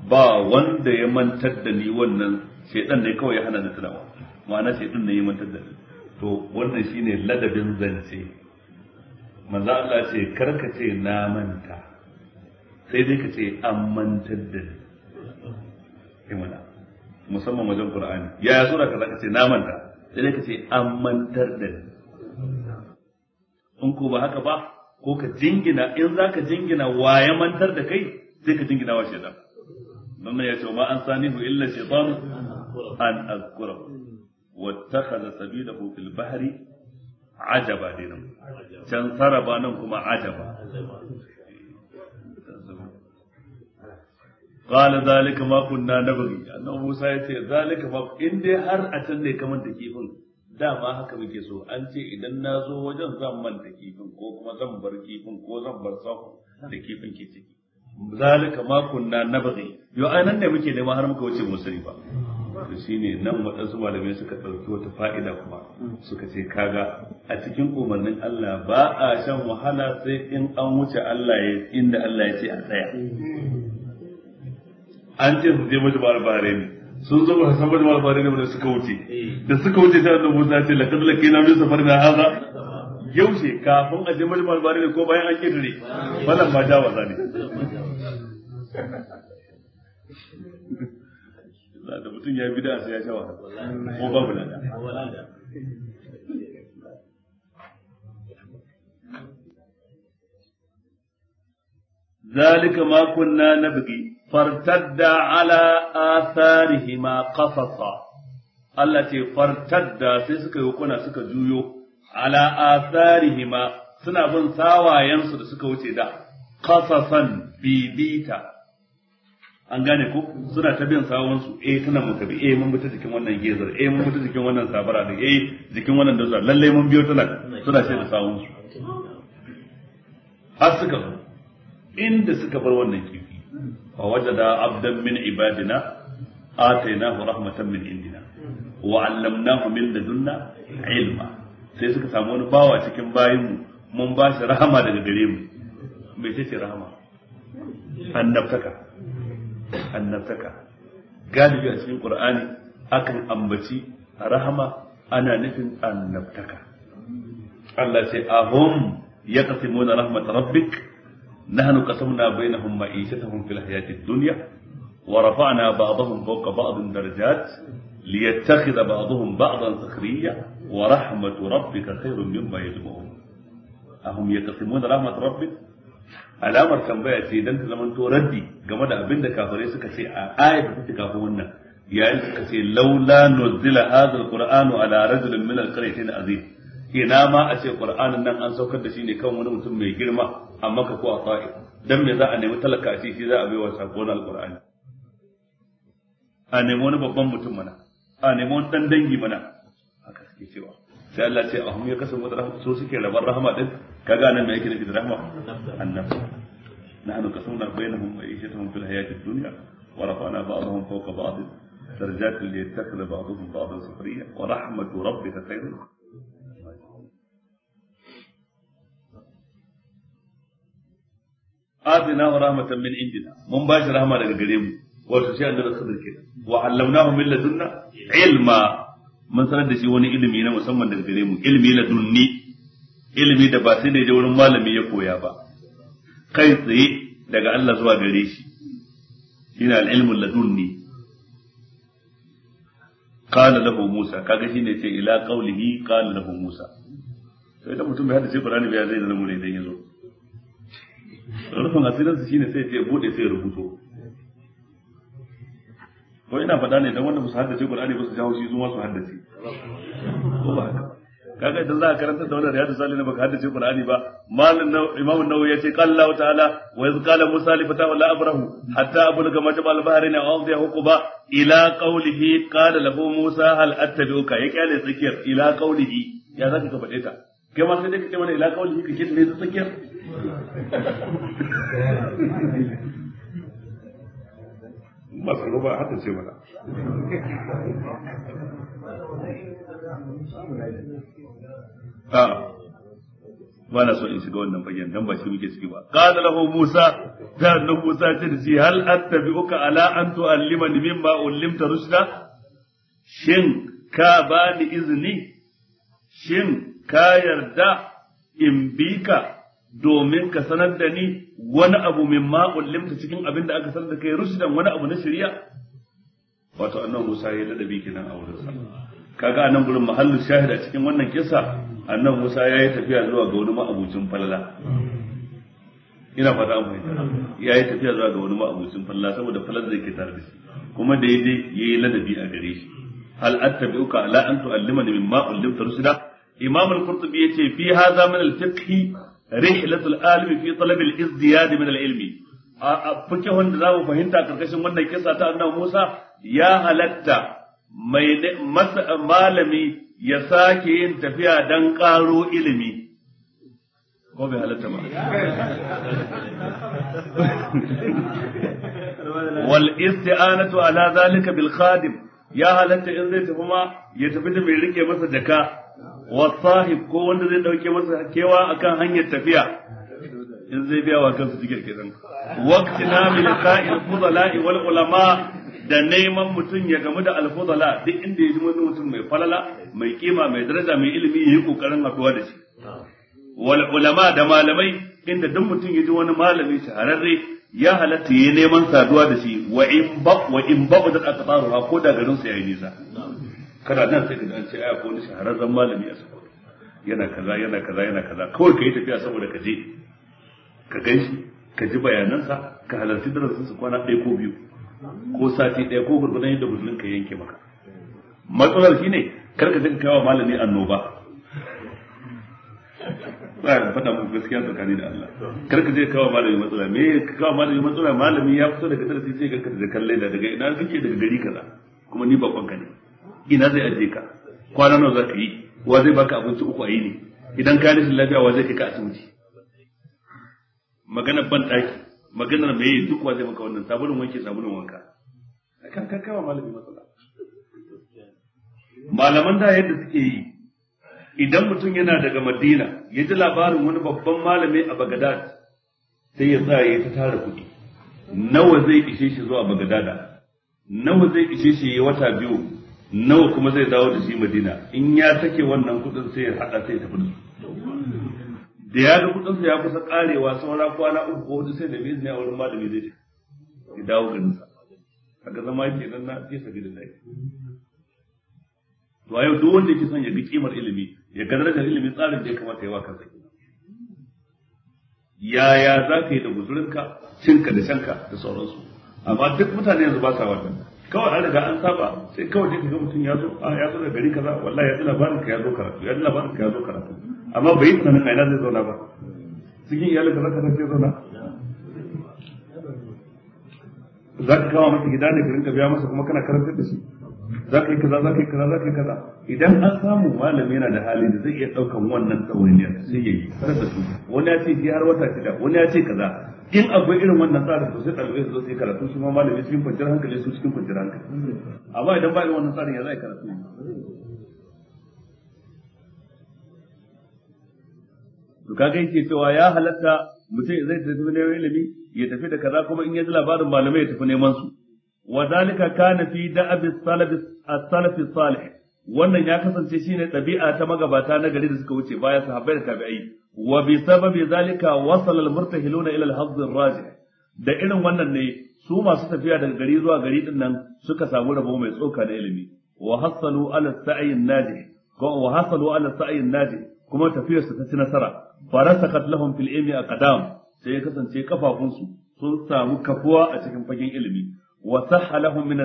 ba wanda ya mantar da ni wannan shaytan ne kawai ya hana ni tunawa ma'ana shaytan ne ya mantar da ni to wannan shine ladabin zance manzo Allah ce karka ce na manta sai dai ka ce an mantar da ni imana musamman wajen Qur'ani Yaya ya sura kaza ka ce na manta sai dai ka ce an mantar da ni in ko ba haka ba ko ka jingina in za ka jingina waye mantar da kai sai ka jingina wa shaitan don ya ce ba an sanihu illa shaitan an azkura wattakhadha sabilahu fil bahri ajaba dinan can saraba nan kuma ajaba قال ذلك ما كنا نبغي annabi Musa yace zalika ma in dai har a can ne kamar da kifin dama haka muke so an ce idan na zo wajen zan manta kifin ko kuma zan bar kifin ko zan bar sakon da kifin ke ciki zalika ma kunna nabghi yo anan ne muke nema har muka wuce musari ba to shine nan waɗansu malamai suka ɗauki wata fa'ida kuma suka ce kaga a cikin umarnin Allah ba a shan wahala sai in an wuce Allah ya inda Allah ya ce a tsaya an ce su je mutu bare ne sun zo ba san bada malfari ne ba suka wuce eh. da suka wuce sai annabi Musa ce laqad laqina min safarina hadha yaushe kafin a je bada malfari ne ko bayan an kidire wannan ma jawaza ne da mutum ya bi da sai ya sha ko ko mu lada ذلك ما كنا نبغي فارتد على آثارهما قصصا التي فارتد سيسك يقول سك جويو على آثارهما سنبن ساوى ينصر سك وتدا قصصا بيبيتا an gane ko suna ta bin su eh suna mun tabi eh mun bi jikin wannan gezar eh mun bi jikin wannan sabara da eh jikin wannan da zuwa lalle mun biyo ta nan suna ce da sawon su har suka inda suka bar wannan ki فوجد عبدا من عبادنا آتيناه رحمة من عندنا وعلمناه من لدنا علما sai suka samu wani bawa cikin bayanmu mun ba shi rahama daga gare mu mai ce rahama annabtaka annabtaka galibi a cikin qur'ani akan ambaci rahama ana nufin annabtaka Allah sai ahum yaqsimuna rahmat rabbik نحن قسمنا بينهم معيشتهم في الحياة الدنيا ورفعنا بعضهم فوق بعض درجات ليتخذ بعضهم بعضا سخرية ورحمة ربك خير مما يجمعون أهم يتقسمون رحمة ربك الأمر كان بيع سيدان لما أنتوا ردي كما دا أبن كافر يسكا سي آية تتكافونا يا إلسكا لولا نزل هذا القرآن على رجل من القريتين عزيز ina ma a ce qur'anin nan an saukar da shi ne kan wani mutum mai girma a maka ko a ta'if dan me za a nemi talaka shi shi za a baiwa sako na alqur'ani a nemi wani babban mutum mana a nemi wani dan dangi mana haka suke cewa sai Allah ce a ya kasan wata rahama so suke rabar rahama din kaga nan me yake nufi da rahama annabi nahnu qasamna bainahum ma'ishatahum fil hayati dunya wa rafa'na ba'dahum fawqa ba'd درجات ليتخذ بعضهم بعضا سخريا ورحمة ربك خير atinahu rahmatan min indina mun ba shi rahma daga gare mu wato shi annabi sadar kenan wa allamnahu min ladunna ilma mun sanar da shi wani ilimi na musamman daga gare mu ilimi ladunni ilimi da ba sai da je wurin malami ya koya ba kai tsaye daga Allah zuwa gare shi shine al-ilmu ladunni qala lahu musa kaga shine musa mutum bai hada ce qur'ani bai zai zama ne dan rufin shi shine sai ya bude sai ya rubuto ko ina faɗa ne dan wanda musu haddace Qur'ani ba su jawo shi zuwa su haddace ko ba haka kaga idan za a karanta da wannan riyadu salihin ka haddace Qur'ani ba malin imamu nawawi ce, qalla wa ta'ala wa iz qala Musa li fata wala abrahu hatta abulga majma al-bahrin aw adhiya huquba ila qawlihi qala lahu Musa hal attabi'uka ya kyale tsakiyar ila qawlihi ya zaka ka faɗe ta kai ma sai dai ka ce mana ila qawlihi kike ne tsakiyar masu ba hada ce mana a ah, ba na so in shiga wannan fagen dan ba shi muke ciki ba qala lahu musa da annabi musa ce da shi hal uka ala an to tu'allimani mimma ullimta rushda shin ka bani izini shin ka yarda in bi ka domin ka sanar da ni wani abu min ma ullimta cikin abin da aka sanar da kai rusdan wani abu na shari'a wato annabi Musa ya ladabi kenan a wurin sa kaga anan gurin mahallu shahida cikin wannan kissa annabi Musa ya yi tafiya zuwa ga wani ma'abucin falala ina fata an fahimta ya yi tafiya zuwa ga wani ma'abucin falala saboda falala zai ke tare da shi kuma da yayi yayi ladabi a gare shi hal attabi'uka ala an tu'allimani mimma ullimta rusida imam al-qurtubi yace fi hadha min al-fiqh rihlatul alimi fi talabil izdiyad min al-ilmi a fikihun da zamu fahimta karkashin wannan kisa ta annabi Musa ya halatta mai malami ya sake yin tafiya don ƙaro ilimi ko bai halatta ba *laughs* wal isti'anatu ala zalika bil ya halatta in zai tafi ma ya tafi da mai rike masa jaka wasahib ko wanda zai dauke masa kewa akan hanyar tafiya in zai biya wa kansa tiket kenan waqti na bi liqa'il fudala wal ulama da neman mutum ya gamu da alfudala duk inda ya ji mutum mai falala mai kima mai daraja mai ilimi yayi kokarin haɗuwa da shi wal ulama da malamai inda duk mutum ya ji wani malami shahararre ya halatta yi neman saduwa da shi wa in ba wa in ba da ko da garin sa yayi nisa kana nan sai ka ji an ce ai akwai wani shahararren malami a Sokoto yana kaza yana kaza yana kaza kawai ka yi tafiya saboda ka je ka ganshi ka ji bayanansa ka halarci darasin su kwana ɗaya ko biyu ko sati ɗaya ko gurgurdan yadda musulun ka yanke maka matsalar ne kar ka je ka kawo malami annoba ba da faɗa mu gaskiya tsakani da Allah kar ka je kawo malami matsala me ka kawo malami matsala malami ya fito daga darasi sai ka da kalle da daga ina kake daga gari kaza kuma ni ba kwanka ne ina zai aje ka kwana nawa za ka yi wa zai baka abinci uku a yi ne idan ka rashin lafiya wa zai kai ka asibiti maganar ban ɗaki maganar mai duk wa zai baka wannan sabulun wanke sabulun wanka kan kan kama malami matsala malaman da yadda suke yi idan mutum yana daga madina ya ji labarin wani babban malami a bagadad sai ya sa ya ta tara kuɗi nawa zai ishe shi zuwa bagadada nawa zai ishe shi ya wata biyu nawa kuma zai dawo da shi madina in ya sake wannan kudin sai ya hada sai ya tafi da su da ya ga kudin sa ya kusa karewa saura kwana uku ko hudu sai da bizin ne a wurin malami zai ya dawo garin sa kaga zama yake nan na fi sabi da zai to yau duk wanda yake son ya bi kimar ilimi ya ga darajar ilimi tsarin da ya kamata ya wa kansa yaya za ka yi da guzurinka cinka da shanka da sauransu amma duk mutane yanzu ba sa wannan kawai an riga an saba sai kawai ka ga mutum ya zo a ah, ya zo da gari kaza wallahi ya ji labarin ka ya zo karatu ya ji labarin ka ya zo karatu amma bai yi sanin aina zai zauna ba cikin iyalin ka zaka zai zauna za ka kawo masa gida ne garin ka biya masa kuma kana karantar da shi za ka yi kaza za ka yi kaza za ka yi kaza idan an samu malami yana da hali da zai iya ɗaukan wannan ne sai ya yi tare da su wani ya ce shi har wata shida wani ya ce kaza in akwai irin wannan tsarin to sai ɗalibai su zo su yi karatu su ma malami cikin kwanciyar hankali su cikin kwanciyar hankali amma idan ba irin wannan tsarin ya za a yi karatu to ga yake cewa ya halatta mutum zai tafi neman ilimi ya tafi da kaza kuma in ya ji labarin malamai ya tafi neman su wa zalika kana fi da'ab as-salaf as salih wannan ya kasance shine ɗabi'a ta magabata na gari da suka wuce baya sahabbai da tabi'ai wa bi sababi zalika wasala al-murtahiluna ila al-hadd da irin wannan ne su masu tafiya daga gari zuwa gari din nan suka samu rabo mai tsoka na ilimi wa hasalu ala sa'yin naji ko wa hasalu ala kuma tafiyar su ta ci nasara farasakat lahum fil ilmi aqdam sai ya kasance kafafun su sun samu kafuwa a cikin fagen ilimi wa sahha min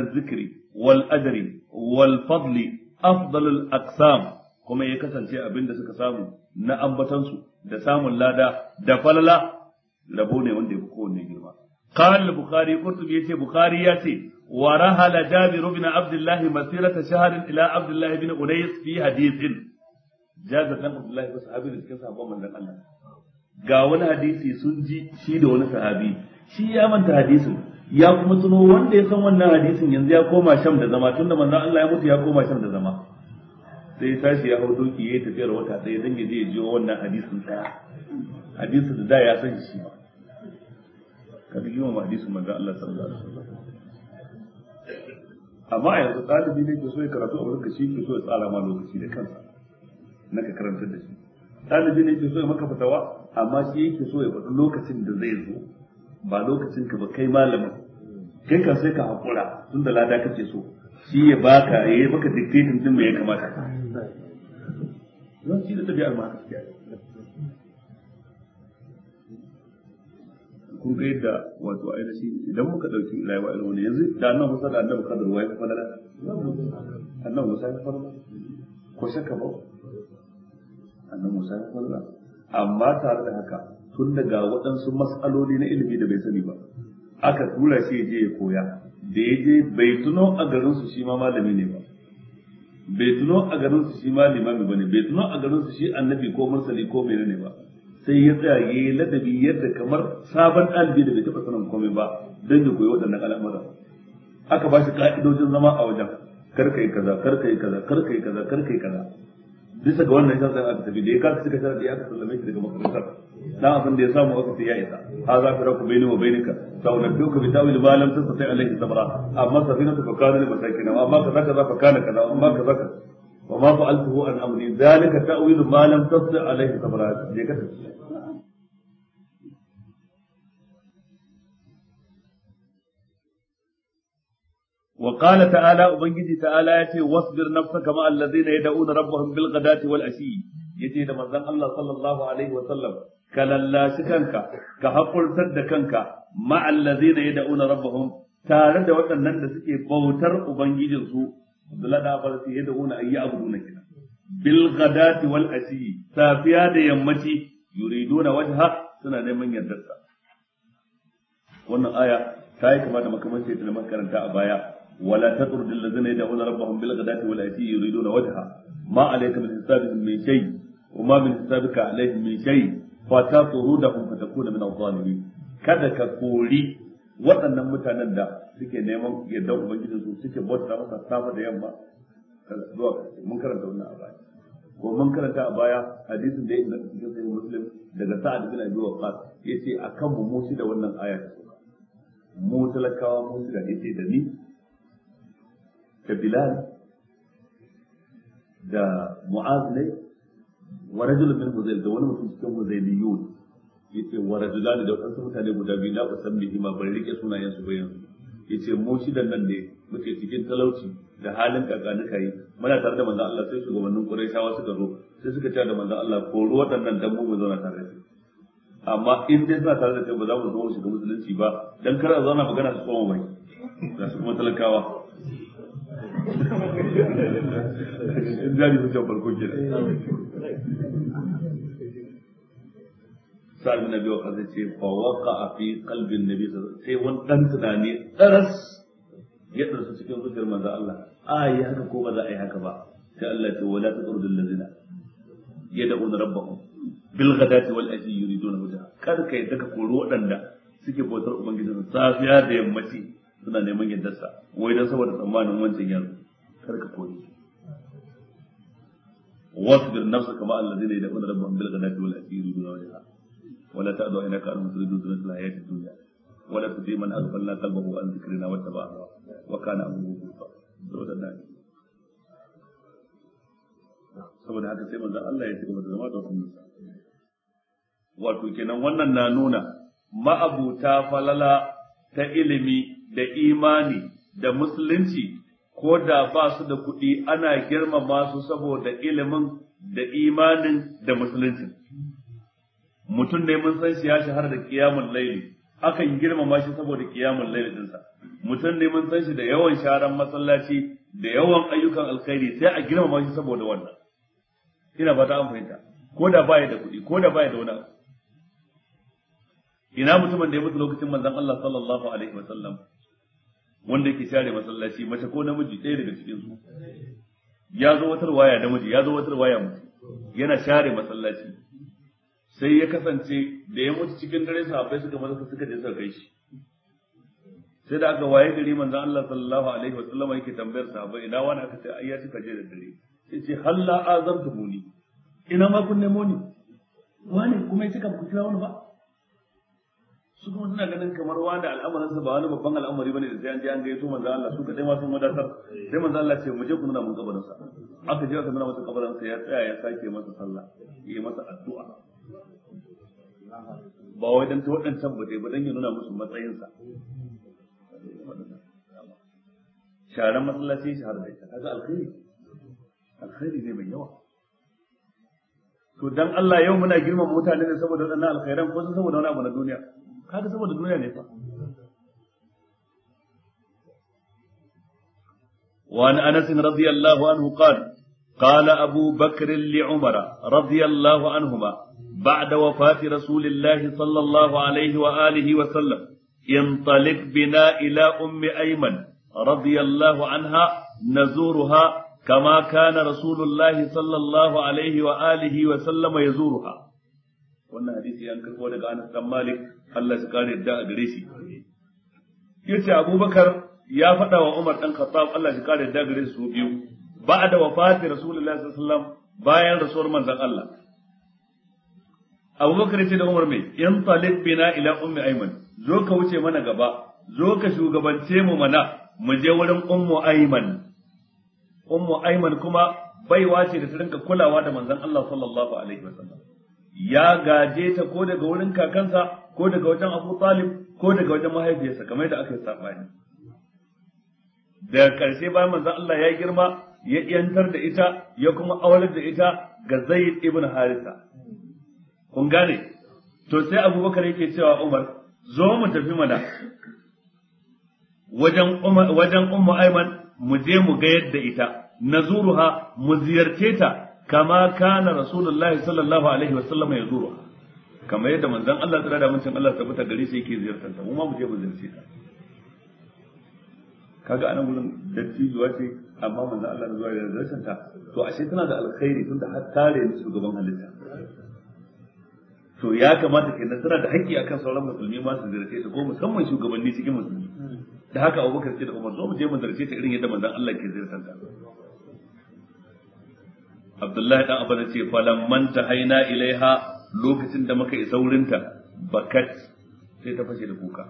wal adri wal fadli afdalul aqsam kuma ya kasance abin da suka samu na ambatansu da samun lada da falala rabo ne wanda ya fi kowanne girma قال البخاري قرطبي يتي بخاري يتي ورهل جابر بن عبد الله مسيرة شهر إلى عبد الله بن أنيس في حديث جابر بن عبد الله صحابي لكن صحابة من الله ga wani hadisi sun ji shi da wani sahabi shi ya manta hadisin ya kuma tuno wanda ya san wannan hadisin yanzu ya koma sham da zama tunda manzon Allah ya mutu ya koma sham da zama sai ya tashi ya hau doki ya yi tafiyar wata ɗaya don ya je ya jiwa wannan hadisin tsaya hadisin da da ya san shi ba ka ga yiwa hadisin manzo Allah sallallahu alaihi wasallam amma a yanzu ɗalibi ne ke so ya karatu a wurinka shi ke so ya tsara ma lokaci da kansa na ka karantar da shi ɗalibi ne ke so ya maka fitawa amma shi yake so ya faɗi lokacin da zai zo ba lokacin ka ba kai malamin kai ka sai ka haƙura tun da lada kake so shi ya baka ya yi baka dictating din mai ya kamata don shi da tabi'ar ma kun ga yadda wato shi idan muka dauki rayuwa irin wani yanzu da annan musa da annabi kadar wai fa da annan musa ya fadala ko shakka ba annan musa ya fadala amma tare da haka tun daga waɗansu mas'aloli na ilimi da bai sani ba aka tura shi je ya koya da ya je bai tuno a garinsu shi ma malami ne ba bai tuno a garinsu shi ma limami ba ne bai tuno a garinsu shi annabi ko mursali ko mene ne ba sai ya tsaya ya yi ladabi yadda kamar sabon ɗalibi da bai taɓa sanin komai ba don ya koyi waɗannan al'amura aka ba shi ka'idojin zama a wajen kar kai kaza kar kai kaza kar kai kaza kar kai kaza bisa ga wannan sharadin aka tafi da ya kasa da ya aka sallame shi daga makarantar dan abin da ya samu aka sai ya isa ha za ka raku bainu wa bainika sau na biyu ka bi tawil ba lam tasata alaihi sabra amma safinatu fa kana li masakin amma kaza kaza fa kana kaza amma kaza kaza wa ma fa'altuhu an amri dhalika ta'wilu ma lam tasata alaihi sabra je ka tafi wa qala ta'ala ubangiji ta'ala yace wasbir nafsaka ma allazina yad'una rabbahum bil ghadati wal ashi yace da mazan Allah sallallahu alaihi wa sallam ka lallashi kanka ka hakurtar da kanka ma allazina yad'una rabbahum tare da waɗannan da suke bautar ubangijinsu Abdullah da Abbas yad'una ayyabuduna kina bil ghadati wal ashi safiya da yammaci yuriduna wajha suna neman yardarsa wannan aya ta yi kama da makamanci da makaranta a baya ولا تطرد الذين يدعون ربهم بالغداة والعشي يريدون وجهه ما عليك من حسابهم من شيء وما من حسابك عليهم من شيء فتطردهم فتكون من الظالمين kada ka kori waɗannan mutanen da suke neman yardan ubangiji su suke bauta masa safa da yamma zuwa mun karanta wannan a baya ko mun karanta a baya hadisin da ya inganta cikin sahih muslim daga sa'ad bin abi waqqas yace akan mu da wannan aya mu talakawa mu da ni da bilal da mu'az ne wa rajulun min huzail da wani mutum cikin huzailiyun yace wa rajulan da wadansu mutane guda biyu la usammihi ma bari rike sunayen su bayan yace mu da nan ne muke cikin talauci da halin kakanuka kai. muna tare da manzon Allah sai shugabannin Qurayshawa suka zo sai suka ce da manzon Allah ko ruwa nan dan mu mu zauna tare da su amma in dai suna tare da kai ba za mu zama shiga musulunci ba dan kar a zauna magana su koma bai za su kuma talakawa jari su can farko ke sa'ad bin abi waqas ce fa waqa fi qalbi an-nabi sai wani dan tunani daras ya darsu cikin zuciyar manzo Allah a yi haka ko ba za a yi haka ba sai Allah ya ce wala taqrudul ladina yad'una rabbahum bil ghadati wal ashi yuriduna wajha kar ka yadda koro waɗanda suke bautar ubangijin safiya da yammaci suna neman yaddarsa wai dan saboda tsammanin wancan yanzu kar ka kore واصبر نفسك مع الذين يدعون ربهم بالغداة والعشي يريدون وجهها ولا تعد عينك عنهم تريد زينة الحياة الدنيا ولا تطيع من أغفلنا قلبه عن ذكرنا واتبع هواه وكان أمره فرطا saboda da saboda haka sai manzon Allah ya ce gaba zama da wannan wato kenan wannan na nuna ma'abuta falala ta ilimi da imani da musulunci ko da ba su da kuɗi ana girmama su saboda ilimin da imanin da musulunci mutum ne mun san shi ya shahara da kiyamun laili akan girmama shi saboda kiyamun laili dinsa mutum ne mun san shi da yawan sharan masallaci da yawan ayyukan alkhairi sai a girmama shi saboda wannan ina fata an fahimta ko da baya da kuɗi ko da baya da wani ina mutumin da ya mutu lokacin manzon Allah sallallahu alaihi wasallam wanda yake share masallaci mace ko namiji ɗaya daga cikin su ya zo watar waya namiji ya zo watar waya mu yana share masallaci sai ya kasance da ya mutu cikin dare bai suka maza suka je suka kai shi sai da aka waye gari manzon Allah sallallahu alaihi wasallam yake tambayar sahabbai ina wani aka ce ai ya tuka je da dare sai ce halla azamtu muni ina ma kun nemo ni wani kuma ya cika ku kira wani ba su kuma suna ganin kamar wanda al'amarin ba wani babban al'amari bane da sai an je an gaito manzo Allah su kadai ma sun wadatar sai manzo Allah ce mu je ku nuna mun kabarin aka je aka nuna masa kabarin sa ya tsaya ya sake masa sallah yi masa addu'a ba wai dan ta waɗancan ba dai ba dan ya nuna musu matsayinsa. sa sharan masallaci shahar da ita kaga alkhairi alkhairi ne mai yawa to dan Allah yau muna girmama mutane ne saboda waɗannan alkhairan ko saboda wani abu na duniya kaga saboda duniya ne fa وعن أنس رضي الله عنه قال قال أبو بكر لعمر رضي الله عنهما بعد وفاة رسول الله صلى الله عليه وآله وسلم انطلق بنا إلى أم أيمن رضي الله عنها نزورها كما كان رسول الله صلى الله عليه وآله وسلم يزورها wannan hadisi an karbo daga Anas dan Malik Allah shi kare yadda a gare shi yace Abubakar ya faɗa wa Umar ɗan Khattab Allah shi kare yadda gare su biyu ba'da wafati Rasulullahi sallallahu alaihi bayan rasuwar manzon Allah Abubakar ya ce da Umar mai in talib bina ila ummi Ayman zo ka wuce mana gaba zo ka shugabance mu mana mu je wurin ummu Ayman ummu Ayman kuma baiwa ce da ta rinka kulawa da manzon Allah sallallahu alaihi wasallam ya gaje ta ko daga wurin kakansa ko daga wajen Abu Talib ko daga wajen mahaifiyarsa kamar yadda aka yi sabani daga ƙarshe bayan manzon Allah ya girma ya yantar da ita ya kuma aular da ita ga Zaid ibn Harisa kun gane to sai Abubakar yake cewa Umar zo mu tafi mana wajen Umar, wajen Ummu Aiman mu je mu ga yadda ita nazuruha mu ziyarce ta kama kana rasulullahi sallallahu alaihi wasallam ya zuruha kamar yadda manzon Allah tsara da mutum Allah tabbata gari sai yake ziyartar ta mu ma mu je mu ziyarce ta kaga anan gurin dattijuwa ce amma manzon Allah na zuwa ya ziyarce ta to ashe tana da alkhairi tun da har tare ne shugaban halitta to ya kamata ke nasara da haƙƙi akan sauran musulmi ma su ziyarce ta ko musamman shugabanni cikin musulmi da haka Abubakar ce da Umar zo mu je mu ziyarce ta irin yadda manzon Allah ke ziyartar ta Abdullahi dan Abba ce falamman ta haina ilaiha lokacin da muka isa wurinta bakat sai ta fashe da kuka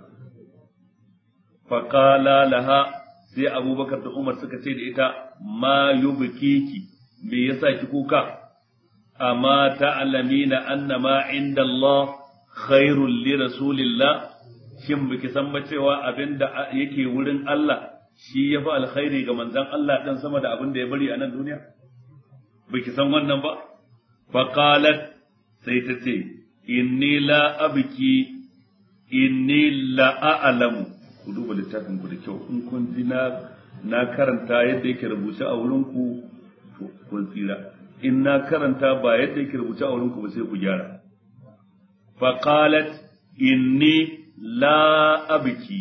faqala laha sai abubakar da umar suka ce da ita ma ki, me yasa ki kuka amma ta'lamina anna ma inda Allah khairul li rasulillah shin biki san ba cewa abinda yake wurin Allah shi ya alkhairi ga manzan Allah ɗan sama da abin da ya bari a nan duniya? Biki san wannan ba? Faƙalat sai ta ce inni la abki inni la a'lamu ku duba littafin ku da kyau in kun ji na na karanta yadda yake rubuce a wurin ku to kun tsira in na karanta ba yadda yake rubuce a wurin ku ba sai ku gyara fa qalat inni la abki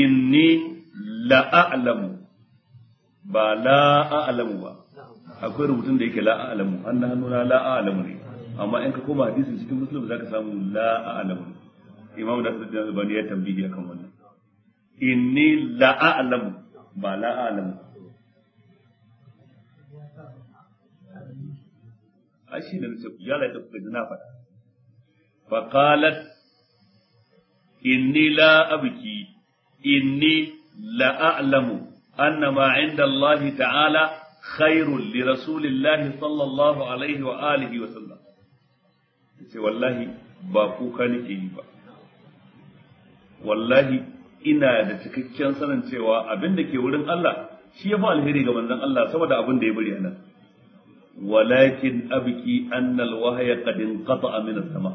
inni la a'lamu ba la a'lamu ba akwai rubutun da yake la a'lamu an hannuna la a'lamu ne amma in ka koma hadisin cikin za ka samu la a'lam imam nasruddin albani ya tambayi kan wannan inni la a'lam ba la a'lam ashi da nace ya la kuka da na faɗa fa qalat inni la abki inni la a'lamu anna ma 'inda Allah ta'ala khairul li rasulillahi sallallahu alaihi wa alihi wa sallam sai wallahi ba kuka nake yi ba wallahi ina da cikakken sanin cewa abin da ke wurin Allah shi ya fi alheri ga manzon Allah saboda abin da ya bari nan walakin abki annal wahya qad kafa min as-sama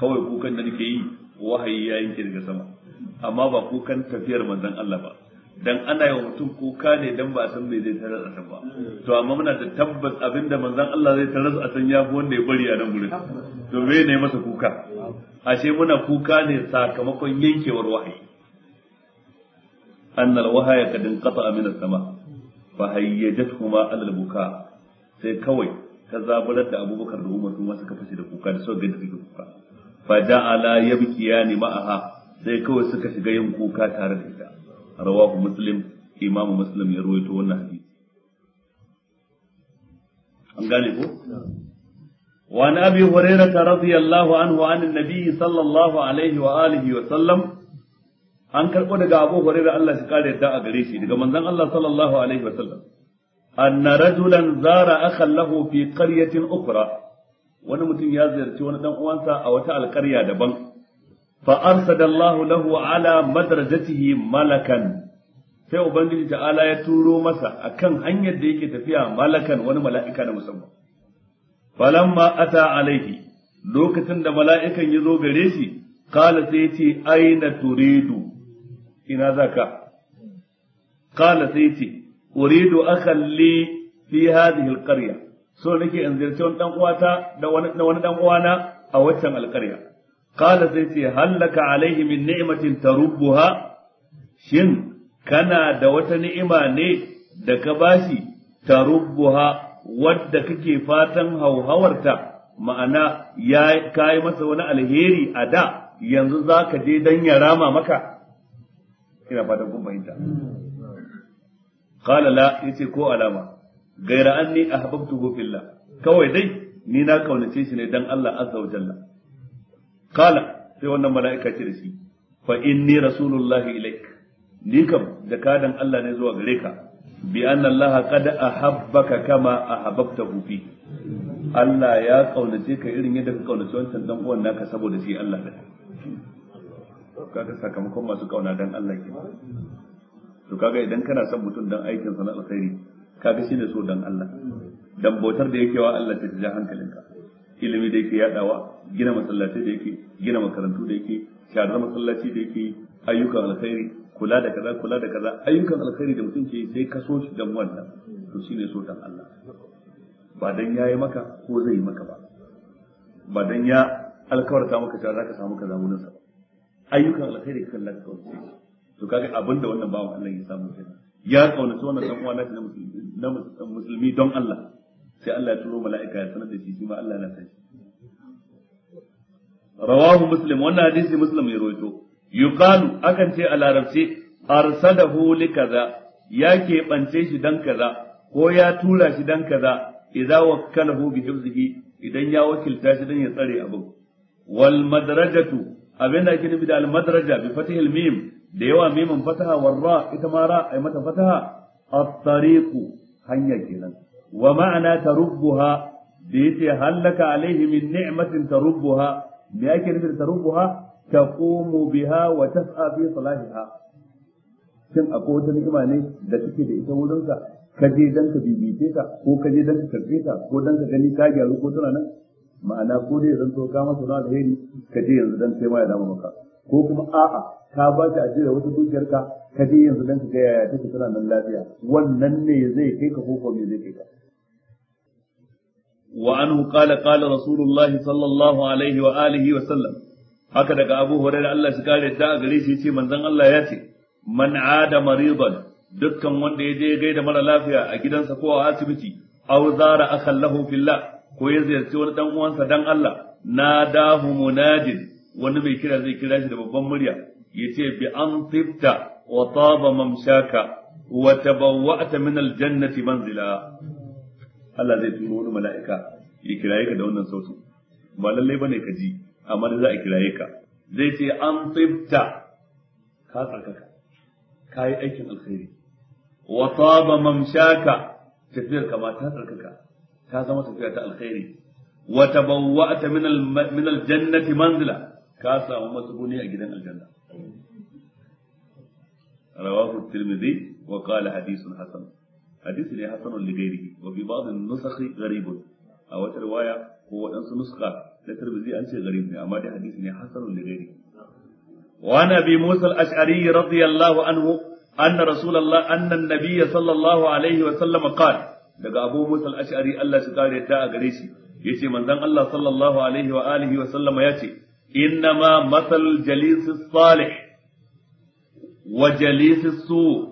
kawai kukan da nake yi wahayi ya yanke daga sama amma ba kukan tafiyar manzon Allah ba dan ana yawa mutum kuka ne dan ba san me zai tarar a san ba to amma muna da tabbas abinda manzon Allah zai tarar a san ya fi wanda ya bari a nan gurin to me ne masa kuka ashe muna kuka ne sakamakon yankewar wahayi annal wahaya kad inqata min as-sama fa hayyajathuma ala alal buka sai kawai ta zabarar da abubakar da umar kuma suka fashe da kuka da suka ga suke kuka fa ja'ala yabkiyani ma'aha sai kawai suka shiga yin kuka tare da ita rawahu muslim imam muslim ya rawaito wannan hadisi an وعن أبي هريرة رضي الله عنه عن النبي صلى الله عليه وآله وسلم an karɓo daga Abu Hurairah Allah shi kare yadda a gare shi daga manzon Allah sallallahu alaihi wasallam anna rajulan zara akhan lahu fi qaryatin ukhra wani mutum ya ziyarci wani dan uwansa a wata alƙarya daban فأرسل الله له على مدرجته ملكا sai ubangiji ta'ala ya turo masa akan hanyar da yake tafiya malakan wani mala'ika na musamman falamma ata alaihi lokacin da mala'ikan ya zo gare shi Qala sai ce aina turidu ina zaka Qala sai ce uridu akhalli fi hadhihi alqarya so nake in ziyarci wani dan uwata da wani dan uwana a waccan alqarya qala sai ce hallaka alaihi min ni'matin tarubbuha shin kana da wata ni'ima ne da ka bashi tarubbuha wadda kake fatan hauhawarta ma'ana ya kai masa wani alheri a da yanzu za ka je don ya maka ina fatan kun fahimta qala la yace ko alama gaira anni ahbabtuhu fillah kawai dai ni na ƙaunace shi ne dan Allah azza wa jalla kala sai wannan mala'ika ce da shi fa inni rasulullahi ilaik ni kam zakadan Allah ne zuwa gare ka bi anna Allah qad ahabbaka kama ahabbtahu fi Allah ya kaunace ka irin yadda ka kaunace wancan dan uwan naka saboda shi Allah ne kaga sakamakon masu kauna dan Allah ke to kaga idan kana son mutum dan aikin sa na alkhairi kaga shine so dan Allah dan bautar da yake wa Allah ta ja hankalinka ilimi da yake yadawa gina masallatai da yake gina makarantu da yake sharar masallaci da yake ayyukan alkhairi kula da kaza kula da kaza ayyukan alkhairi da mutum ke sai ka shi dan wannan to shine so dan Allah ba dan yayi maka ko zai maka ba ba dan ya alkawarta maka cewa zaka samu kaza mun sa ayyukan alkhairi kan Allah ka to kaga abinda wannan bawan Allah ya samu kenan ya kaunaci wannan dan uwa na musulmi don Allah sai Allah ya turo mala'ika ya sanar da shi shi ma Allah na san shi rawahu muslim wannan hadisi muslim ya rawaito yuqalu akan ce a larabci huli kaza. ya keɓance shi dan kaza ko ya tura shi dan kaza idza wakkalahu idan ya wakilta shi dan ya tsare abin wal madrajatu abin da ake nufi da al madraja bi fatihil da yawa mimin fataha war ra ita mara ra mata fataha at-tariqu hanya kenan wa ma'ana tarubbuha da yace hallaka alaihi min ni'matin tarubbuha me yake nufi da tarubuha taqumu biha wa tas'a fi salahiha shin akwai wata ni'ima ne da take da ita wurin ka ka je dan ka bibice ta ko ka je dan ka karbe ta ko dan ka gani ka gyaru ko tana nan ma'ana ko dai zan to ka masa na alheri ka je yanzu dan sai ma ya dama maka ko kuma a'a ka ba ta ajira wata dukiyar ka ka je yanzu dan ka ga yaya take tana nan lafiya wannan ne zai kai ka ko ko me zai kai ka وعنه قال قال رسول الله صلى الله عليه وآله وسلم haka daga Abu Hurairah Allah shi kare da gare shi yace manzon Allah ya ce man ada maridan dukkan wanda ya je gaida mara lafiya a gidansa ko a asibiti aw zara akhallahu fillah ko ya ziyarci wani dan uwansa dan Allah nadahu munadin wani mai kira zai kira shi da babban murya yace bi an tibta wa taba mamshaka wa tabawwa'ta min aljannati manzila Allah zai turo wani mala'ika ya kiraye ka da wannan sautin ba lallai bane ka ji amma da za a kiraye ka zai ce an tsibta ka tsarkaka ka yi aikin alkhairi wa taba mamshaka tafiyar ka ma ta tsarkaka ta zama tafiya ta alkhairi wa tabawwa'ta min al min al jannati manzila ka samu matsuguni a gidan aljanna rawahu at-tirmidhi wa qala hadithun hasan hadisi ne hasanun li ghairihi wa bi ba'd an-nusakh gharibun a wata riwaya ko waɗansu nuska na Tirmidhi an ce gharib ne amma dai hadisi ne hasanun li ghairihi wa nabi Musa al-Ash'ari radiyallahu anhu anna rasulullah anna an-nabiy sallallahu alaihi wa sallam qala daga Abu Musa al-Ash'ari Allah shi kare ta a gare shi yace manzon Allah sallallahu alaihi wa alihi wa sallama yace إنما مثل جليس wa وجليس السوء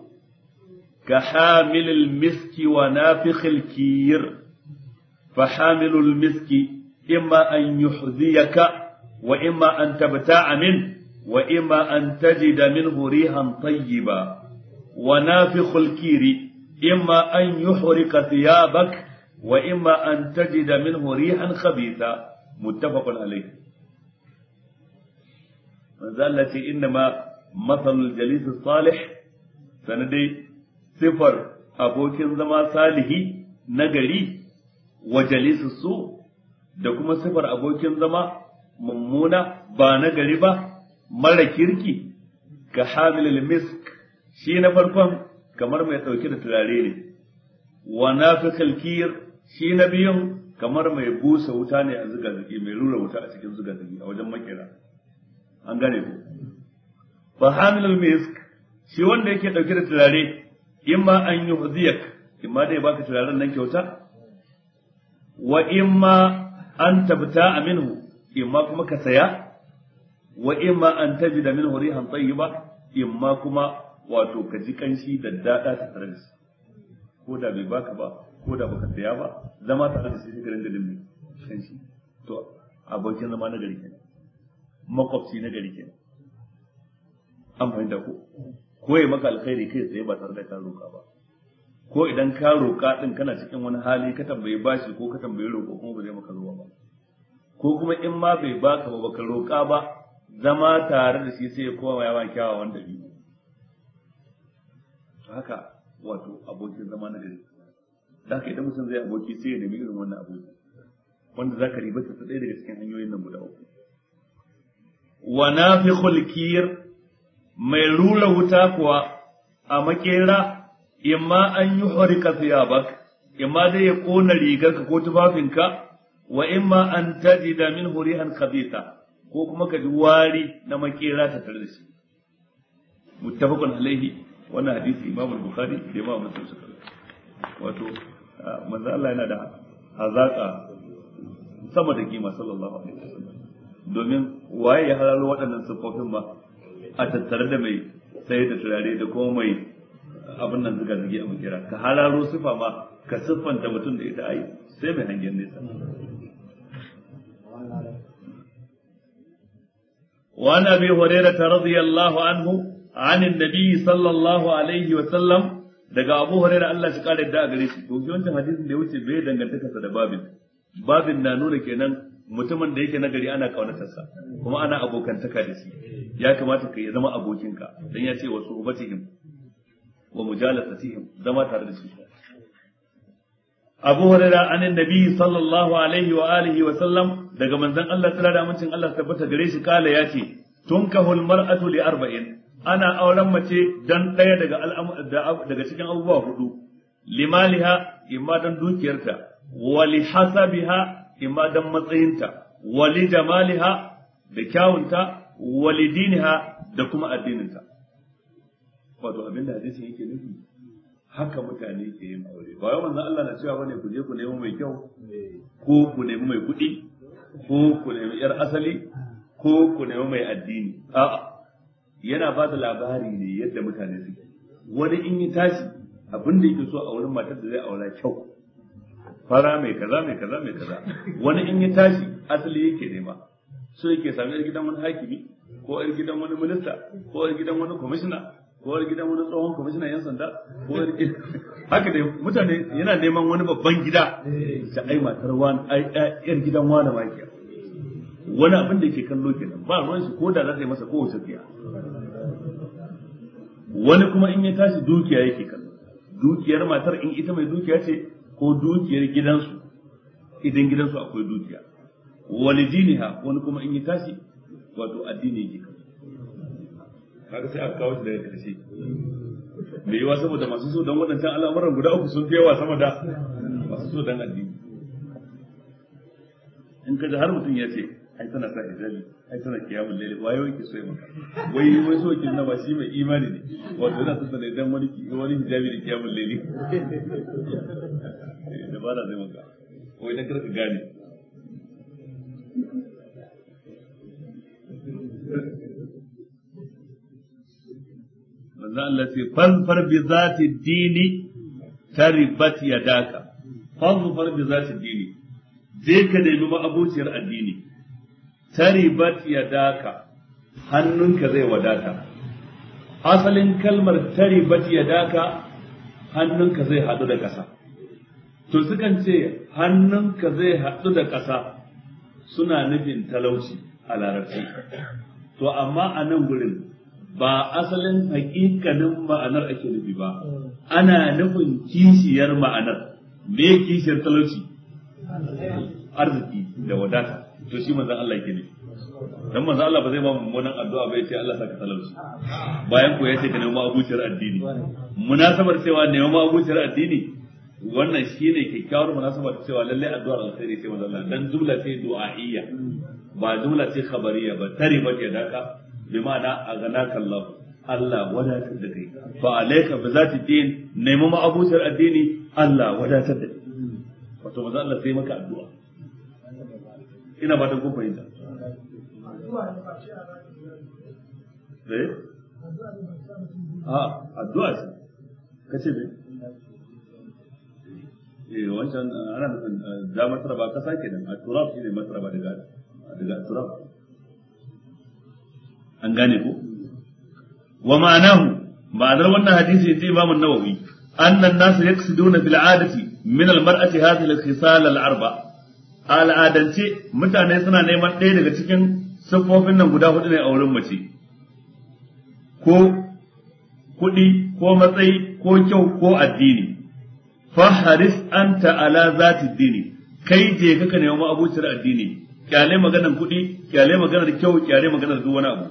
كحامل المسك ونافخ الكير فحامل المسك إما أن يحذيك وإما أن تبتاع منه وإما أن تجد منه ريحا طيبا ونافخ الكير إما أن يحرق ثيابك وإما أن تجد منه ريحا خبيثا متفق عليه من ذا التي إنما مثل الجليس الصالح سندي sifar abokin zama salihi nagari wa jalisu su da kuma sifar abokin zama mummuna ba nagari ba mara kirki ka hamilil misk shi na farkon kamar mai ɗauke da turare ne wa nafikal kir shi na biyun kamar mai busa wuta ne a zuga zuki mai rura wuta a cikin zuga zuki a wajen makera an gane ku fa al misk shi wanda yake dauke da turare imma an yi in imma dai baka turaren nan kyauta wa imma an tabta minhu imma kuma ka saya wa imma an tajida minhu rihan tayyiba imma kuma wato ka ji kanshi da dada ta tare da shi ko da bai baka ba ko da baka saya ba zama tare da shi sai garin da dimmi kanshi to abokin zama na gari kenan makwabci na gari kenan an fahimta ko ko ya maka alkhairi kai tsaye ba tare da ka roƙa ba ko idan ka roƙa din kana cikin wani hali ka tambaye bashi ko ka tambaye roƙo kuma ba zai maka zuwa ba ko kuma in ma bai baka ba baka roƙa ba zama tare da shi sai ya koma ya ba kyawawan wanda to haka wato abokin zama na gari da haka idan mutum zai aboki sai ya nemi irin wannan aboki wanda za ka ribata ta ɗaya daga cikin hanyoyin nan guda uku wa nafi kir mai rura wuta kuwa a makera imma an yi ba thiyabak imma dai ya kona rigarka ko tufafinka wa imma an tajida hori hurihan ta ko kuma ka ji wari na makera ta tare da shi Mutafakon alaihi wannan hadisi Imam Bukhari da Imam Muslim suka wato manzo Allah yana da hazaka sama da kima sallallahu alaihi wasallam domin waye ya halalo waɗannan siffofin ma a tattare da mai sai da turare da kuma mai abin nan zuga zige a makera ka halaru sifa ma ka siffanta mutum da ita ai sai mai hangen nesa وعن ابي هريره رضي الله عنه عن النبي 'Sallallahu الله wa sallam' daga abu hurairah Allah shi kare da gare shi to wancan hadisin da ya wuce bai dangantaka sa da babin babin na nuna kenan mutumin da yake nagari ana kaunatarsa kuma ana abokantaka da shi ya kamata ka yi zama abokinka dan ya ce wa suhbatihim wa mujalasatihim zama tare da shi Abu Hurairah anin Nabi sallallahu alaihi wa alihi wa sallam daga manzon Allah tsira da amincin Allah tabbata gare shi kala ya ce tunkahul mar'atu li arba'in ana auren mace dan daya daga daga cikin abubuwa hudu limaliha imma dan dukiyarta wa li hasabiha imma dan matsayinta wali da maliha, da kyawunta wali diniha da kuma addininta wato abin da hadisi yake nufi haka mutane ke yin aure ba wai manzon Allah na cewa bane ku je ku nemi mai kyau ko ku nemi mai kuɗi ko ku nemi yar asali ko ku nemi mai addini a'a yana ba da labari ne yadda mutane suke wani in yi tashi abin da yake so a wurin matar da zai aura kyau fara mai kaza mai kaza mai kaza wani in ya tashi asali yake nema so yake sami yar gidan wani hakimi ko yar gidan wani minista ko yar gidan wani kwamishina ko yar gidan wani tsohon kwamishina yan sanda ko yar haka dai mutane yana neman wani babban gida ta ai matar wani ai yar gidan wani ma ke wani abin da yake kallo ke ba ruwan shi ko da za ta yi masa kowace biya wani kuma in ya tashi dukiya yake kallo dukiyar matar in ita mai dukiya ce ko dukiyar gidansu idan gidansu akwai dukiya walidiniha wani kuma in yi tashi wato addini yake kaga sai aka kawo shi daga karshe me yawa saboda masu so dan wadannan al'amuran guda uku sun fi sama da masu so dan addini in kaji har mutum ya ce ai tana sa hijabi ai tana kiyamun lele wayo yake so maka wai wai so yake na ba shi mai imani ne wato yana son ne dan wani wani hijabi da kiyamun lele da ba dabara zai maka ko idan kar ka gane manzo Allah ce fanfar bi zati dini taribat yadaka fanfar bi zati dini je ka nemi ma'abuciyar addini taribat yadaka hannunka zai wadata asalin kalmar taribat yadaka hannunka zai hadu da kasa to sukan ce hannunka zai haɗu da ƙasa suna nufin talauci a larabci to amma a nan gurin ba asalin hakikanin ma'anar ake nufi ba ana nufin kishiyar ma'anar me kishiyar talauci arziki da wadata to shi manzon Allah ke ne dan manzon Allah ba zai ba mummunan addu'a ba yace Allah saka talauci bayan ko yace ka nemi abuciyar addini munasabar cewa nemi abuciyar addini wannan shi shine kyakkyawar munasaba ta cewa lalle addu'ar alkhairi ce manzo Allah dan jumla ce du'a'iyya ba jumla ce khabariyya ba tare ba taribat yadaka bi ma'ana aghnaka Allah Allah wadatar da kai fa alayka bi zati din nemi ma'abutar addini Allah wadatar da kai wato manzo Allah sai maka addu'a ina ba dan kun fahimta eh a ah, addu'a ce kace me eh wancan eh, ana nufin eh, da masraba kasa kenan a turab shine masaraba daga daga turab an gane ko wa ma'anahu ma'anar wannan hadisi yace Imam an-Nawawi anna an-nas yaqsiduna bil 'adati min al-mar'ati hadhihi al-khisal al-arba al'adance mutane suna neman ɗaya daga cikin siffofin nan guda hudu ne a wurin mace ko kuɗi ko matsayi ko kyau ko addini Fa faharis anta ala zati dini kai je kaka nemi ma'abucin addini kyale maganar kuɗi kyale maganar kyau kyale maganar duk wani abu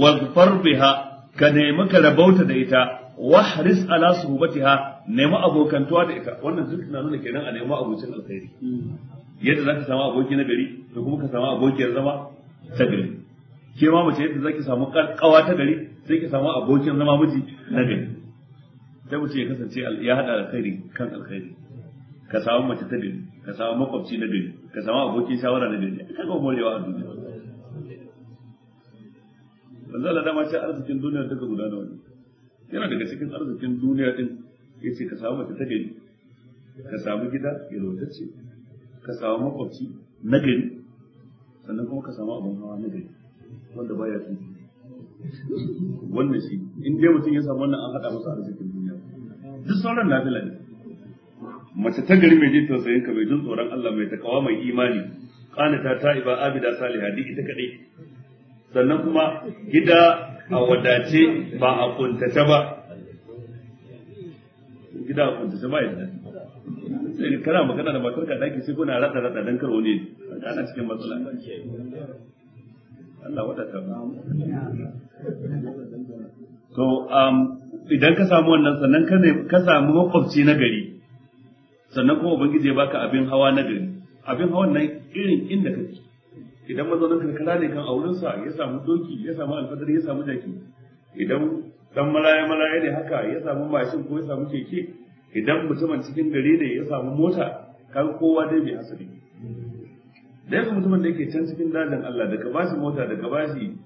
wazfar biha ka nemi ka rabauta da ita wa wahris ala suhbatiha nemi abokantuwa da ita wannan duk na nuna kenan a nemo nemi abucin alkhairi yadda zaka samu aboki na gari to kuma ka samu abokiyar zama ta gari ke ma mace yadda zaki samu kawa ta gari sai ki samu abokin zama miji na gari sai mutum ya kasance ya hada alkhairi kan alkhairi ka samu mace ta gari ka samu makwabci na gari ka samu abokin shawara na gari ka ga morewa a duniya manzo Allah dama ce arzikin duniya duka guda nawa ne yana daga cikin arzikin duniya din yace ka samu mace ta gari ka samu gida yalwatacce ka samu makwabci na gari sannan kuma ka samu abun hawa na gari wanda baya tuki wannan shi in dai mutum ya samu wannan an hada masa arzikin duniya duk sauran nafila ne mace ta gari mai jin tausayin ka mai jin tsoron Allah mai takawa mai imani ta, ta'iba abida saliha duk ita kadai sannan kuma gida a wadace ba a kuntace ba gida a kuntace ba yadda sai kana magana da matarka daki sai kuna rada rada dan kar ne ana cikin matsala Allah wadata to um, idan ka samu wannan sannan ka samu makwabci na gari sannan kuma ubangiji ya baka abin hawa na gari abin hawan nan irin inda kake idan mazaunin karkara ne kan aurensa ya samu doki ya samu alfadar ya samu jaki idan dan malaya malaya ne haka ya samu mashin ko ya samu keke idan mutumin cikin gari ne ya samu mota kan kowa dai bai hasali da yaka mutumin da yake can cikin dajin Allah daga bashi mota daga bashi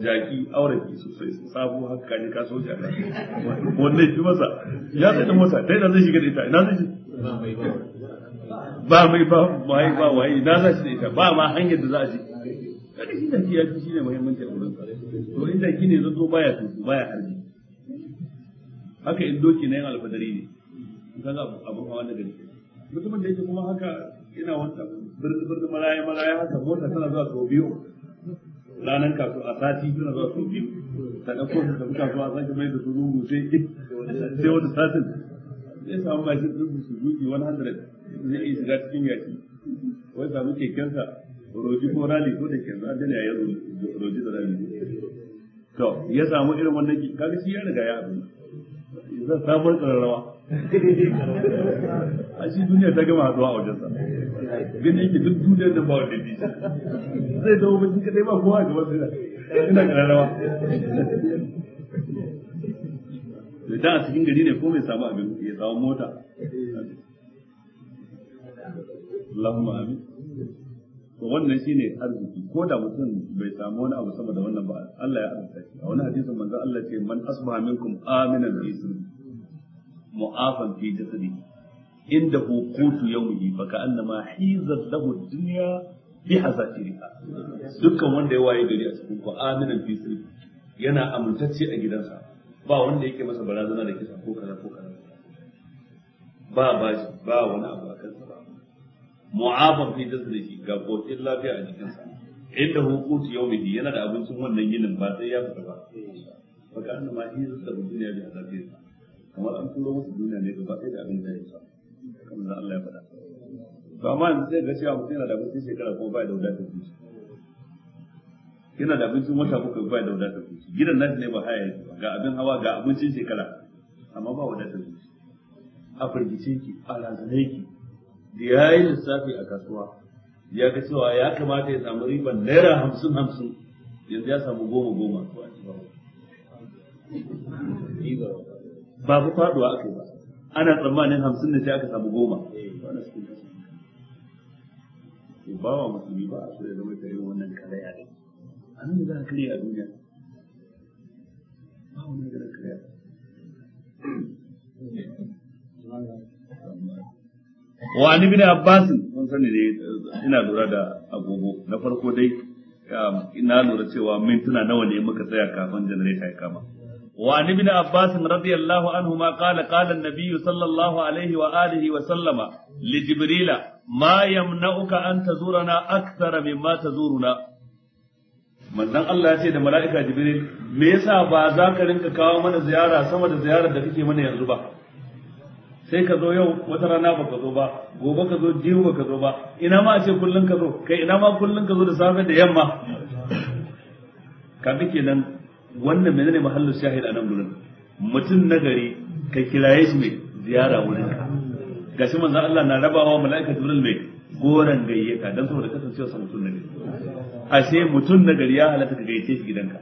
jaki auraki sosai sabo haka kaji ka soja jaka wannan shi masa ya sai da mota dai da zai shiga da ita ina zai ba mai ba mai ba wai ina zai shi da ita ba ma hanyar da za a ji kada shi da ya ji shine muhimmanci a wurin to in jaki ne zan zo baya tuku baya harbi haka in doki na yin alfadari ne kaga abu hawa da gari mutumin da yake kuma haka ina wanda birni birni malaya malaya haka mota tana zuwa sau biyu ranar kasu a sati tana zuwa sau biyu ta ɗauko su tafi kasu a sake mai da su rungu sai *laughs* sai wata satin zai samu mai mashin ɗin su zuki 100 zai iya shiga cikin yaki wai samu kekensa roji ko rali ko da kenzu an dana yayin roji da rali to ya samu irin wannan kaga shi ya riga ya abin zan samu tsararrawa a shi duniya ta gama haɗuwa a wajensa gani yake duk duniyar da ba wajen bishi zai zama ba shi kadai ba kowa a gaban sai ina kararrawa da da a cikin gari ne ko mai samu abin ya samu mota lamma amin to wannan ne arziki ko da mutum bai samu wani abu sama da wannan ba Allah ya arziki. shi a wani hadisin manzo Allah ce man asbaha minkum aminan bi sirri mu'afan fi jasadihi inda hu qutu yawmihi fa ka'annama hizat lahu dunya bi hazatiriha dukkan wanda ya waye gari a cikin ku aminan fi sirri yana amintacce a gidansa ba wanda yake masa barazana da kisa ko kaza ko kaza ba ba ba wani abu a kansa ba mu'afan fi jasadihi ga kotin lafiya a sa. inda hukutu yawmihi yana da abincin wannan yinin ba sai ya fita ba fa ka'annama hizat lahu dunya bi hazatiriha kamar an turo masa duniya ne gaba ɗaya da abin da ya samu kamar da Allah ya faɗa to amma yanzu sai ga cewa mutum yana da abincin shekara kuma ba da wadatar zuci yana da abincin wata uku ba da wadatar zuci gidan nashi ne ba haya yake ba ga abin hawa ga abincin shekara amma ba wadatar zuci a firgice ki a razane ki da ya yi lissafi a kasuwa ya ga cewa ya kamata ya samu riban naira hamsin hamsin yanzu ya samu goma goma to a ci ba ba fa faduwa aka ba ana tsammanin hamsin ne sai aka samu goma ba wa musulmi ba a so ya zama tare wannan karaya ne a nan da za a karya a duniya ba wani da karya wa ni bin abbas mun sani ne ina lura da agogo na farko dai um, ina lura cewa mintuna nawa ne muka tsaya kafin generator ya kama وعن ابن عباس رضي الله عنهما قال قال النبي صلى الله عليه وآله وسلم لجبريل ما يمنعك أن تزورنا أكثر مما تزورنا manzon Allah ya ce da mala'ika Jibril me yasa ba za ka rinka kawo mana ziyara sama da ziyarar da kake mana yanzu ba sai ka zo yau wata rana ba ka zo ba gobe ka zo jiyo ba ka zo ba ina ma a ce kullum ka zo kai ina ma kullum ka zo da safe da yamma ka bi kenan wannan menene mahallu shahid a nan gurin mutum nagari ka kiraye shi mai ziyara wurin ka gashi manzo Allah na rabawa mala'ika jibril mai goran gayyata dan saboda kasancewa sa mutum nagari ashe mutum nagari ya halatta ka gayyace shi gidanka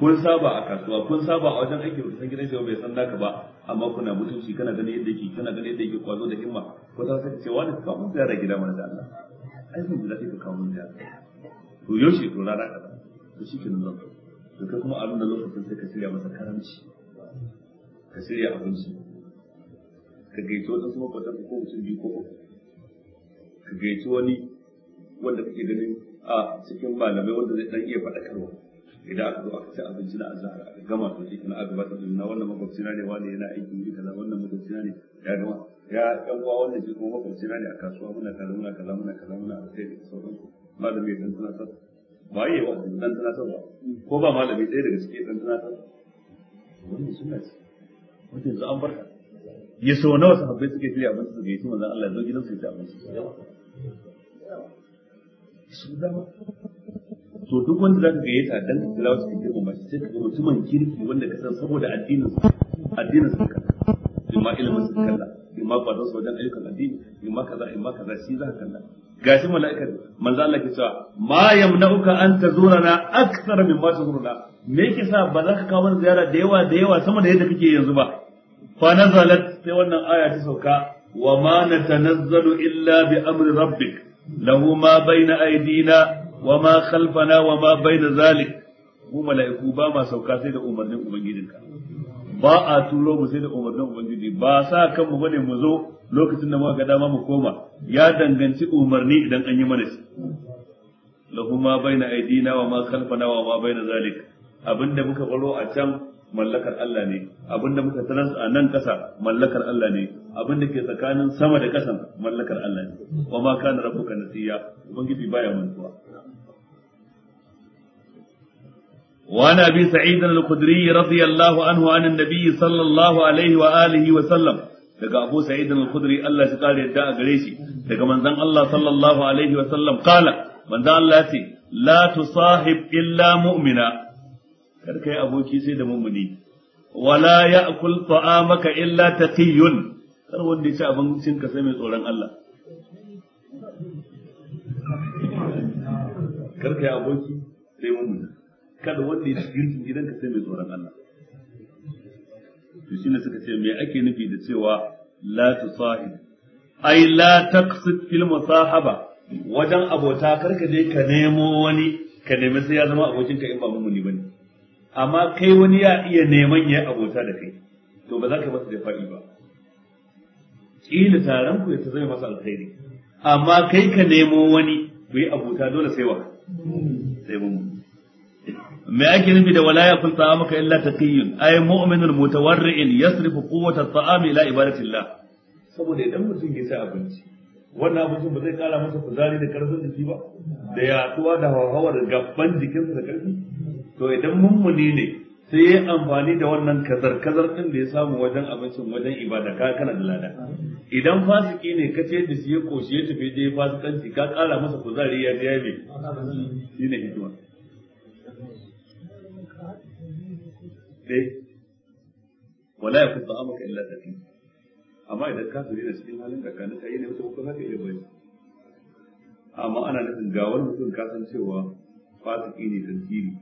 kun saba a kasuwa kun saba a wajen aiki ba san gidan shi bai san naka ba amma kuna mutunci kana ganin yadda yake kana ganin yadda yake kwazo da himma ko ta ka cewa ne ka mun ziyara gida mana da Allah ai mun da ka kawo mun ziyara to yoshi to rana kaza to shikenan zan to kai kuma a da lokacin sai ka shirya masa karamci ka shirya abinci ka gaito kuma makwatan ko mutum biyu ko uku ka gaito wani wanda kake ganin a cikin malamai wanda zai dan iya faɗakarwa idan aka zo aka ci abinci na azhar aka gama to shi kana aka bata na wannan makwabci na ne wani yana aiki ne kaza wannan makwabci na ne ya gama ya ɗan uwa wanda ke kuma makwabci na ne a kasuwa muna kaza muna kaza muna kaza muna alkhairi sauransu malami dan suna sa waye wa dan ba? ko ba malami ɗaya daga cikin dan tunatarwa wannan sunna ce wata yanzu an barka ya sau nawa sahabbai suke shirya abinci su gaiti manzon Allah zo gidan ya ci abinci su dama to duk wanda zaka gayyata dan tilawa cikin ke ba sai ka mutumin kirki wanda ka san saboda addinin addinin sa imma ilimin sa kalla imma ba da wajen ayyukan addini imma kaza imma kaza shi zaka kalla gashi mala'ika manzo Allah ke cewa ma yamna'uka an tazurana akthar min ma tazuruna me yake sa ba za ka kawo mana ziyara da yawa da yawa sama da yadda kake yanzu ba fa nazalat sai wannan aya ta sauka wa ma natanazzalu illa bi amri rabbik lahu ma bayna aydina wa ma khalfana wa ma bayna zalik mu mala'iku ba ma sauka sai da umarnin ubangijinka ba a turo mu sai da umarnin ubangiji ba sa kanmu bane mu zo lokacin da muka ga dama mu koma ya danganci umarni idan an yi mana shi lahu ma baina aidina wa ma khalfana wa ma baina zalik abinda muka baro a can mallakar Allah ne abinda muka taras a nan kasa mallakar Allah ne abinda ke tsakanin sama da kasan mallakar Allah ne wa ma kana rabbuka nasiya ubangiji baya mantuwa وعن أبي سعيد الخدري رضي الله عنه عن النبي صلى الله عليه وآله وسلم daga Abu Sa'id al-Khudri Allah shi kare yadda a gare shi daga manzon Allah sallallahu alaihi wa sallam kala manzon Allah ya ce la tusahib illa mu'mina kar kai aboki sai da mu'mini wala ya'kul ta'amaka illa taqiyun kar wanda ya ci abincin ka sai mai tsoron Allah kar kai aboki sai mu'mina kada wanda ya girki gidan ka sai mai tsoron Allah to shine suka ce me ake nufi da cewa la tusahib ai la taqsid fil musahaba wajen abota karka je ka nemo wani ka nemi sai ya zama abokinka in ba mumuni bane amma kai wani ya iya neman ya abota da kai to ba za ka masa jafa'i ba kila taron ku ya ta zama masa alkhairi amma kai ka nemo wani ku yi abota dole sai wa sai mumuni ما ake nufi da wala طعامك ta'amaka illa taqiyyun مؤمن متورع يصرف yasrifu الطعام at-ta'ami الله saboda idan mutum ya ci abinci wannan abincin ba zai kara masa kuzari da karfin jiki ba da yaduwa da hawar gaban jikinsa da karfi to idan mummuni ne sai ya amfani da wannan kazar kazar din da ya samu wajen abincin wajen ibada ka kana da lada idan fasiki ne ka ce da shi ya koshi ya tafi je fasikanci ka kara masa kuzari ya je ya ne shine hikima dai wala ya kusa amaka illa tafi amma idan ka kafiri da cikin halin da kana kai ne wata ko zaka iya bari amma ana nufin ga wani mutum ka san cewa fasiki ne tantiri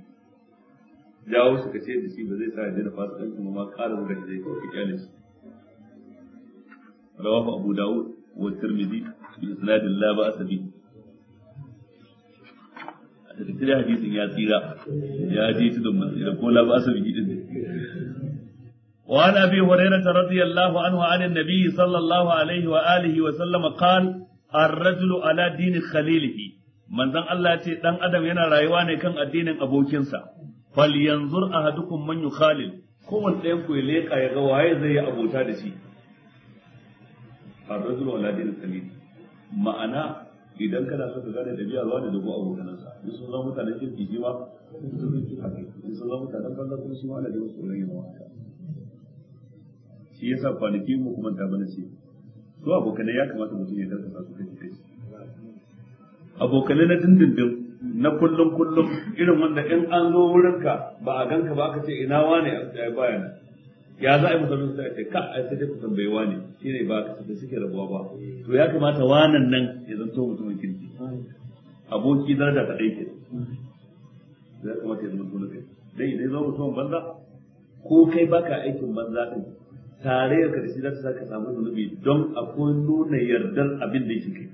jawo shi ka ce da shi ba zai sa ya daina fasikan kuma ma ƙara zuga shi zai kawai kyale shi rawahu abu dawud wa tirmidhi bi isnadin la ba'sa bihi da tare hadisin ya tsira ya ji shi don mazira ko la ba su bi din wa an abi hurairah radiyallahu anhu an annabi sallallahu alaihi wa alihi wa sallam qal ar-rajulu ala dini khalilihi manzon Allah ya ce dan adam yana rayuwa ne kan addinin abokinsa fal yanzur ahadukum man yukhalil kowa da yanku ya leka ya ga waye zai yi abota da shi ar-rajulu ala dini khalilihi ma'ana idan kana so ka gane dabi'a wani da abokanansa in sun zama mutanen kirki shi ma in sun zama mutanen banza kuma shi ma da wasu tsoron yin haka shi sa kwanaki mu kuma ta bane ce su abokanai ya kamata mutum ya karkasa su kai-kai? abokanai na dindindin na kullum kullum irin wanda in an zo wurinka ba a ganka ba aka ce ina wane a bayana ya za a yi musamman sai a ce ka a sai dai ku bai wani shi ne ba ka da suke rabuwa ba to ya kamata wanan nan ya zanto mutumin kirki aboki daraja ta ɗaya ya kamata ya zanto na kai dai idan zo mutumin banza ko kai baka aikin banza ɗin tarayyar ka da shi za ta saka samu zunubi don akwai nuna yardar abin da yake kai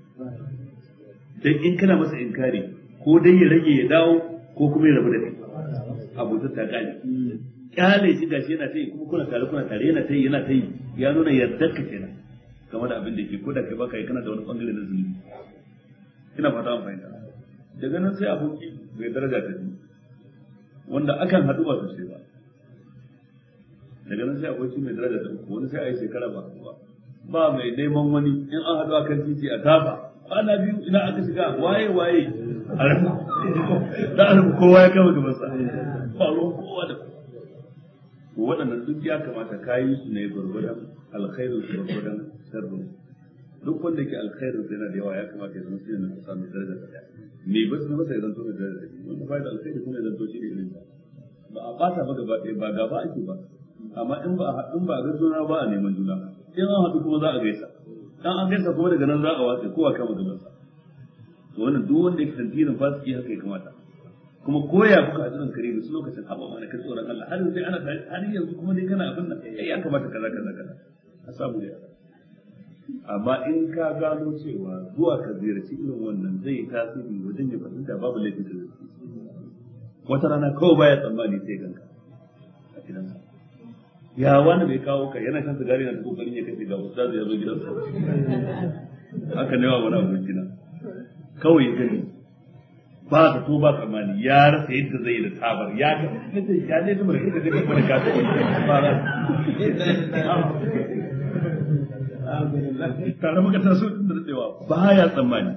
dan in kana masa inkari ko dai ya rage ya dawo ko kuma ya rabu da kai abotar ta kare kyale shi gashi yana ta yi kuma kuna tare kuna tare yana ta yi yana ta yi ya nuna yadda ka kenan game da abin da ke koda kai baka yi kana da wani bangare na zunubi ina fata an fahimta daga nan sai aboki mai daraja ta ji wanda akan haɗu ba sosai ba daga nan sai aboki mai daraja ta uku wani sai a yi shekara ba ba ba mai neman wani in an haɗu akan titi a tafa ana biyu ina aka shiga waye waye a rasa *laughs* da kowa ya kama gabansa ba ruwan kowa da waɗannan duk ya kamata ka yi su ne gwargwadon alkhairin su gwargwadon sharrin duk wanda ke alkhairin yana da yawa ya kamata ya zama shi ne na samun darajar ta me ba su masa ya zanto mai darajar ta wanda ba da alkhairi kuma ya zanto shi ne irin ta ba a ɓata ba gaba ɗaya ba gaba ake ba amma in ba in ba ga juna ba a neman juna in an haɗu kuma za a gaisa dan an gaisa kuma daga nan za a watsa kowa kama gabansa to wannan duk wanda ya kasance irin fasiki haka ya kamata kuma koya kuka azurin kare su lokacin haba mana kan tsoron Allah har yanzu ana har yanzu kuma dai kana abin da ai ya kamata kaza kaza kaza a samu da amma in ka gano cewa zuwa ka ziyarci irin wannan zai tasiri wajen ya fahimta babu laifin da zai wata rana kawai baya tsammani sai ganka a gidansa ya wani bai kawo ka yana kan sigari na da kokarin ya kace ga ustazu ya zo gidansa haka ne wa wani abokina kawai ya gani ba ta to ba tsammani ya rasa yadda zai da tabar ya ga ya ne da yi da zai kuma da ta ba ra tare muka yi da dadewa baya tsammani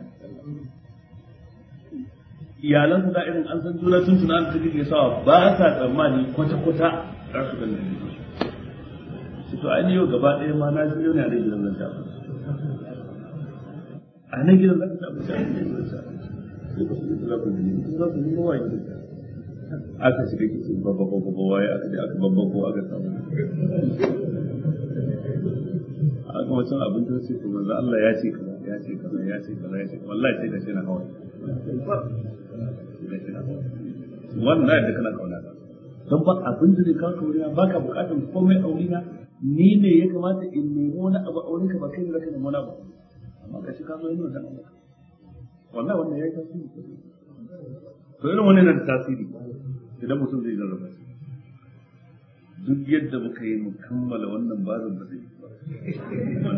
yi da irin an san juna tun tunan da kike sawa ba sa tsammani kwata kwata za su ganin su to ai yau gaba ɗaya ma na ji yau ne a gidan zanta a nan gidan zanta aka shiga kici babba ko babba waye aka da aka babba ko aka samu a aka wancan abinci sai to manzo Allah ya ce kaza ya ce kaza ya ce kaza ya ce wallahi sai da shi na hawa wannan da kana kauna don ba abinci da ka kauriya ba ka bukatar komai aurina ni ne ya kamata in nemo na abu ka ba kai da kai nemo na ba amma ka shi ka zo yin wannan wallahi wannan yayi tasiri to irin wannan yana da tasiri idan mutum zai jarraba shi duk yadda muka yi mu kammala wannan babin ba zai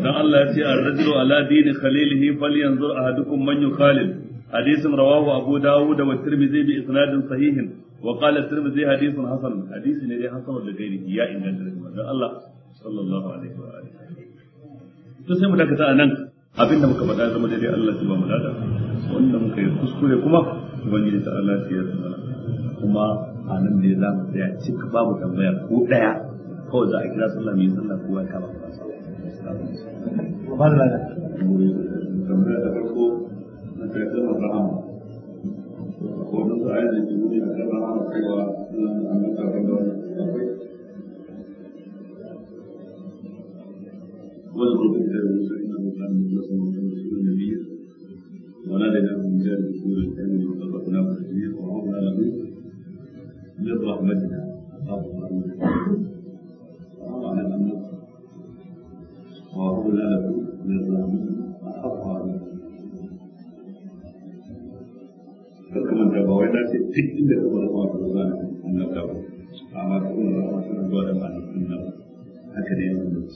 dan Allah ya ce ar-rajulu ala dini khalilihi falyanzur ahadukum man yukhalil hadisin rawahu abu dawud wa tirmidhi bi isnadin sahihin wa qala tirmidhi hadithun hasan hadisi ne dai hasan da gairi. ya inganta da Allah sallallahu alaihi wa alihi to sai mu dakata nan. abinda muka faɗa zama daidai Allah ta ba mu lada wanda muka yi kuskure kuma ubangiji ta Allah ya zama kuma a nan ne za mu tsaya cika babu tambaya ko ɗaya kawai za a kira sallah mai sallah ko ya kama ba tambaya da farko na kai ko da ayyukan da المخلص ومحمد بن نبيه وناديناه بجانب الطول الثاني وصدقناه تسليما وعرضنا له من رحمتنا اخاه الله على الامر وعرضنا له من رحمتنا اخاه على فكما تبوا إذا تتك إلا كبر الله في الغالب أن تبوا أما تكون رحمة الله على النار هكذا يقول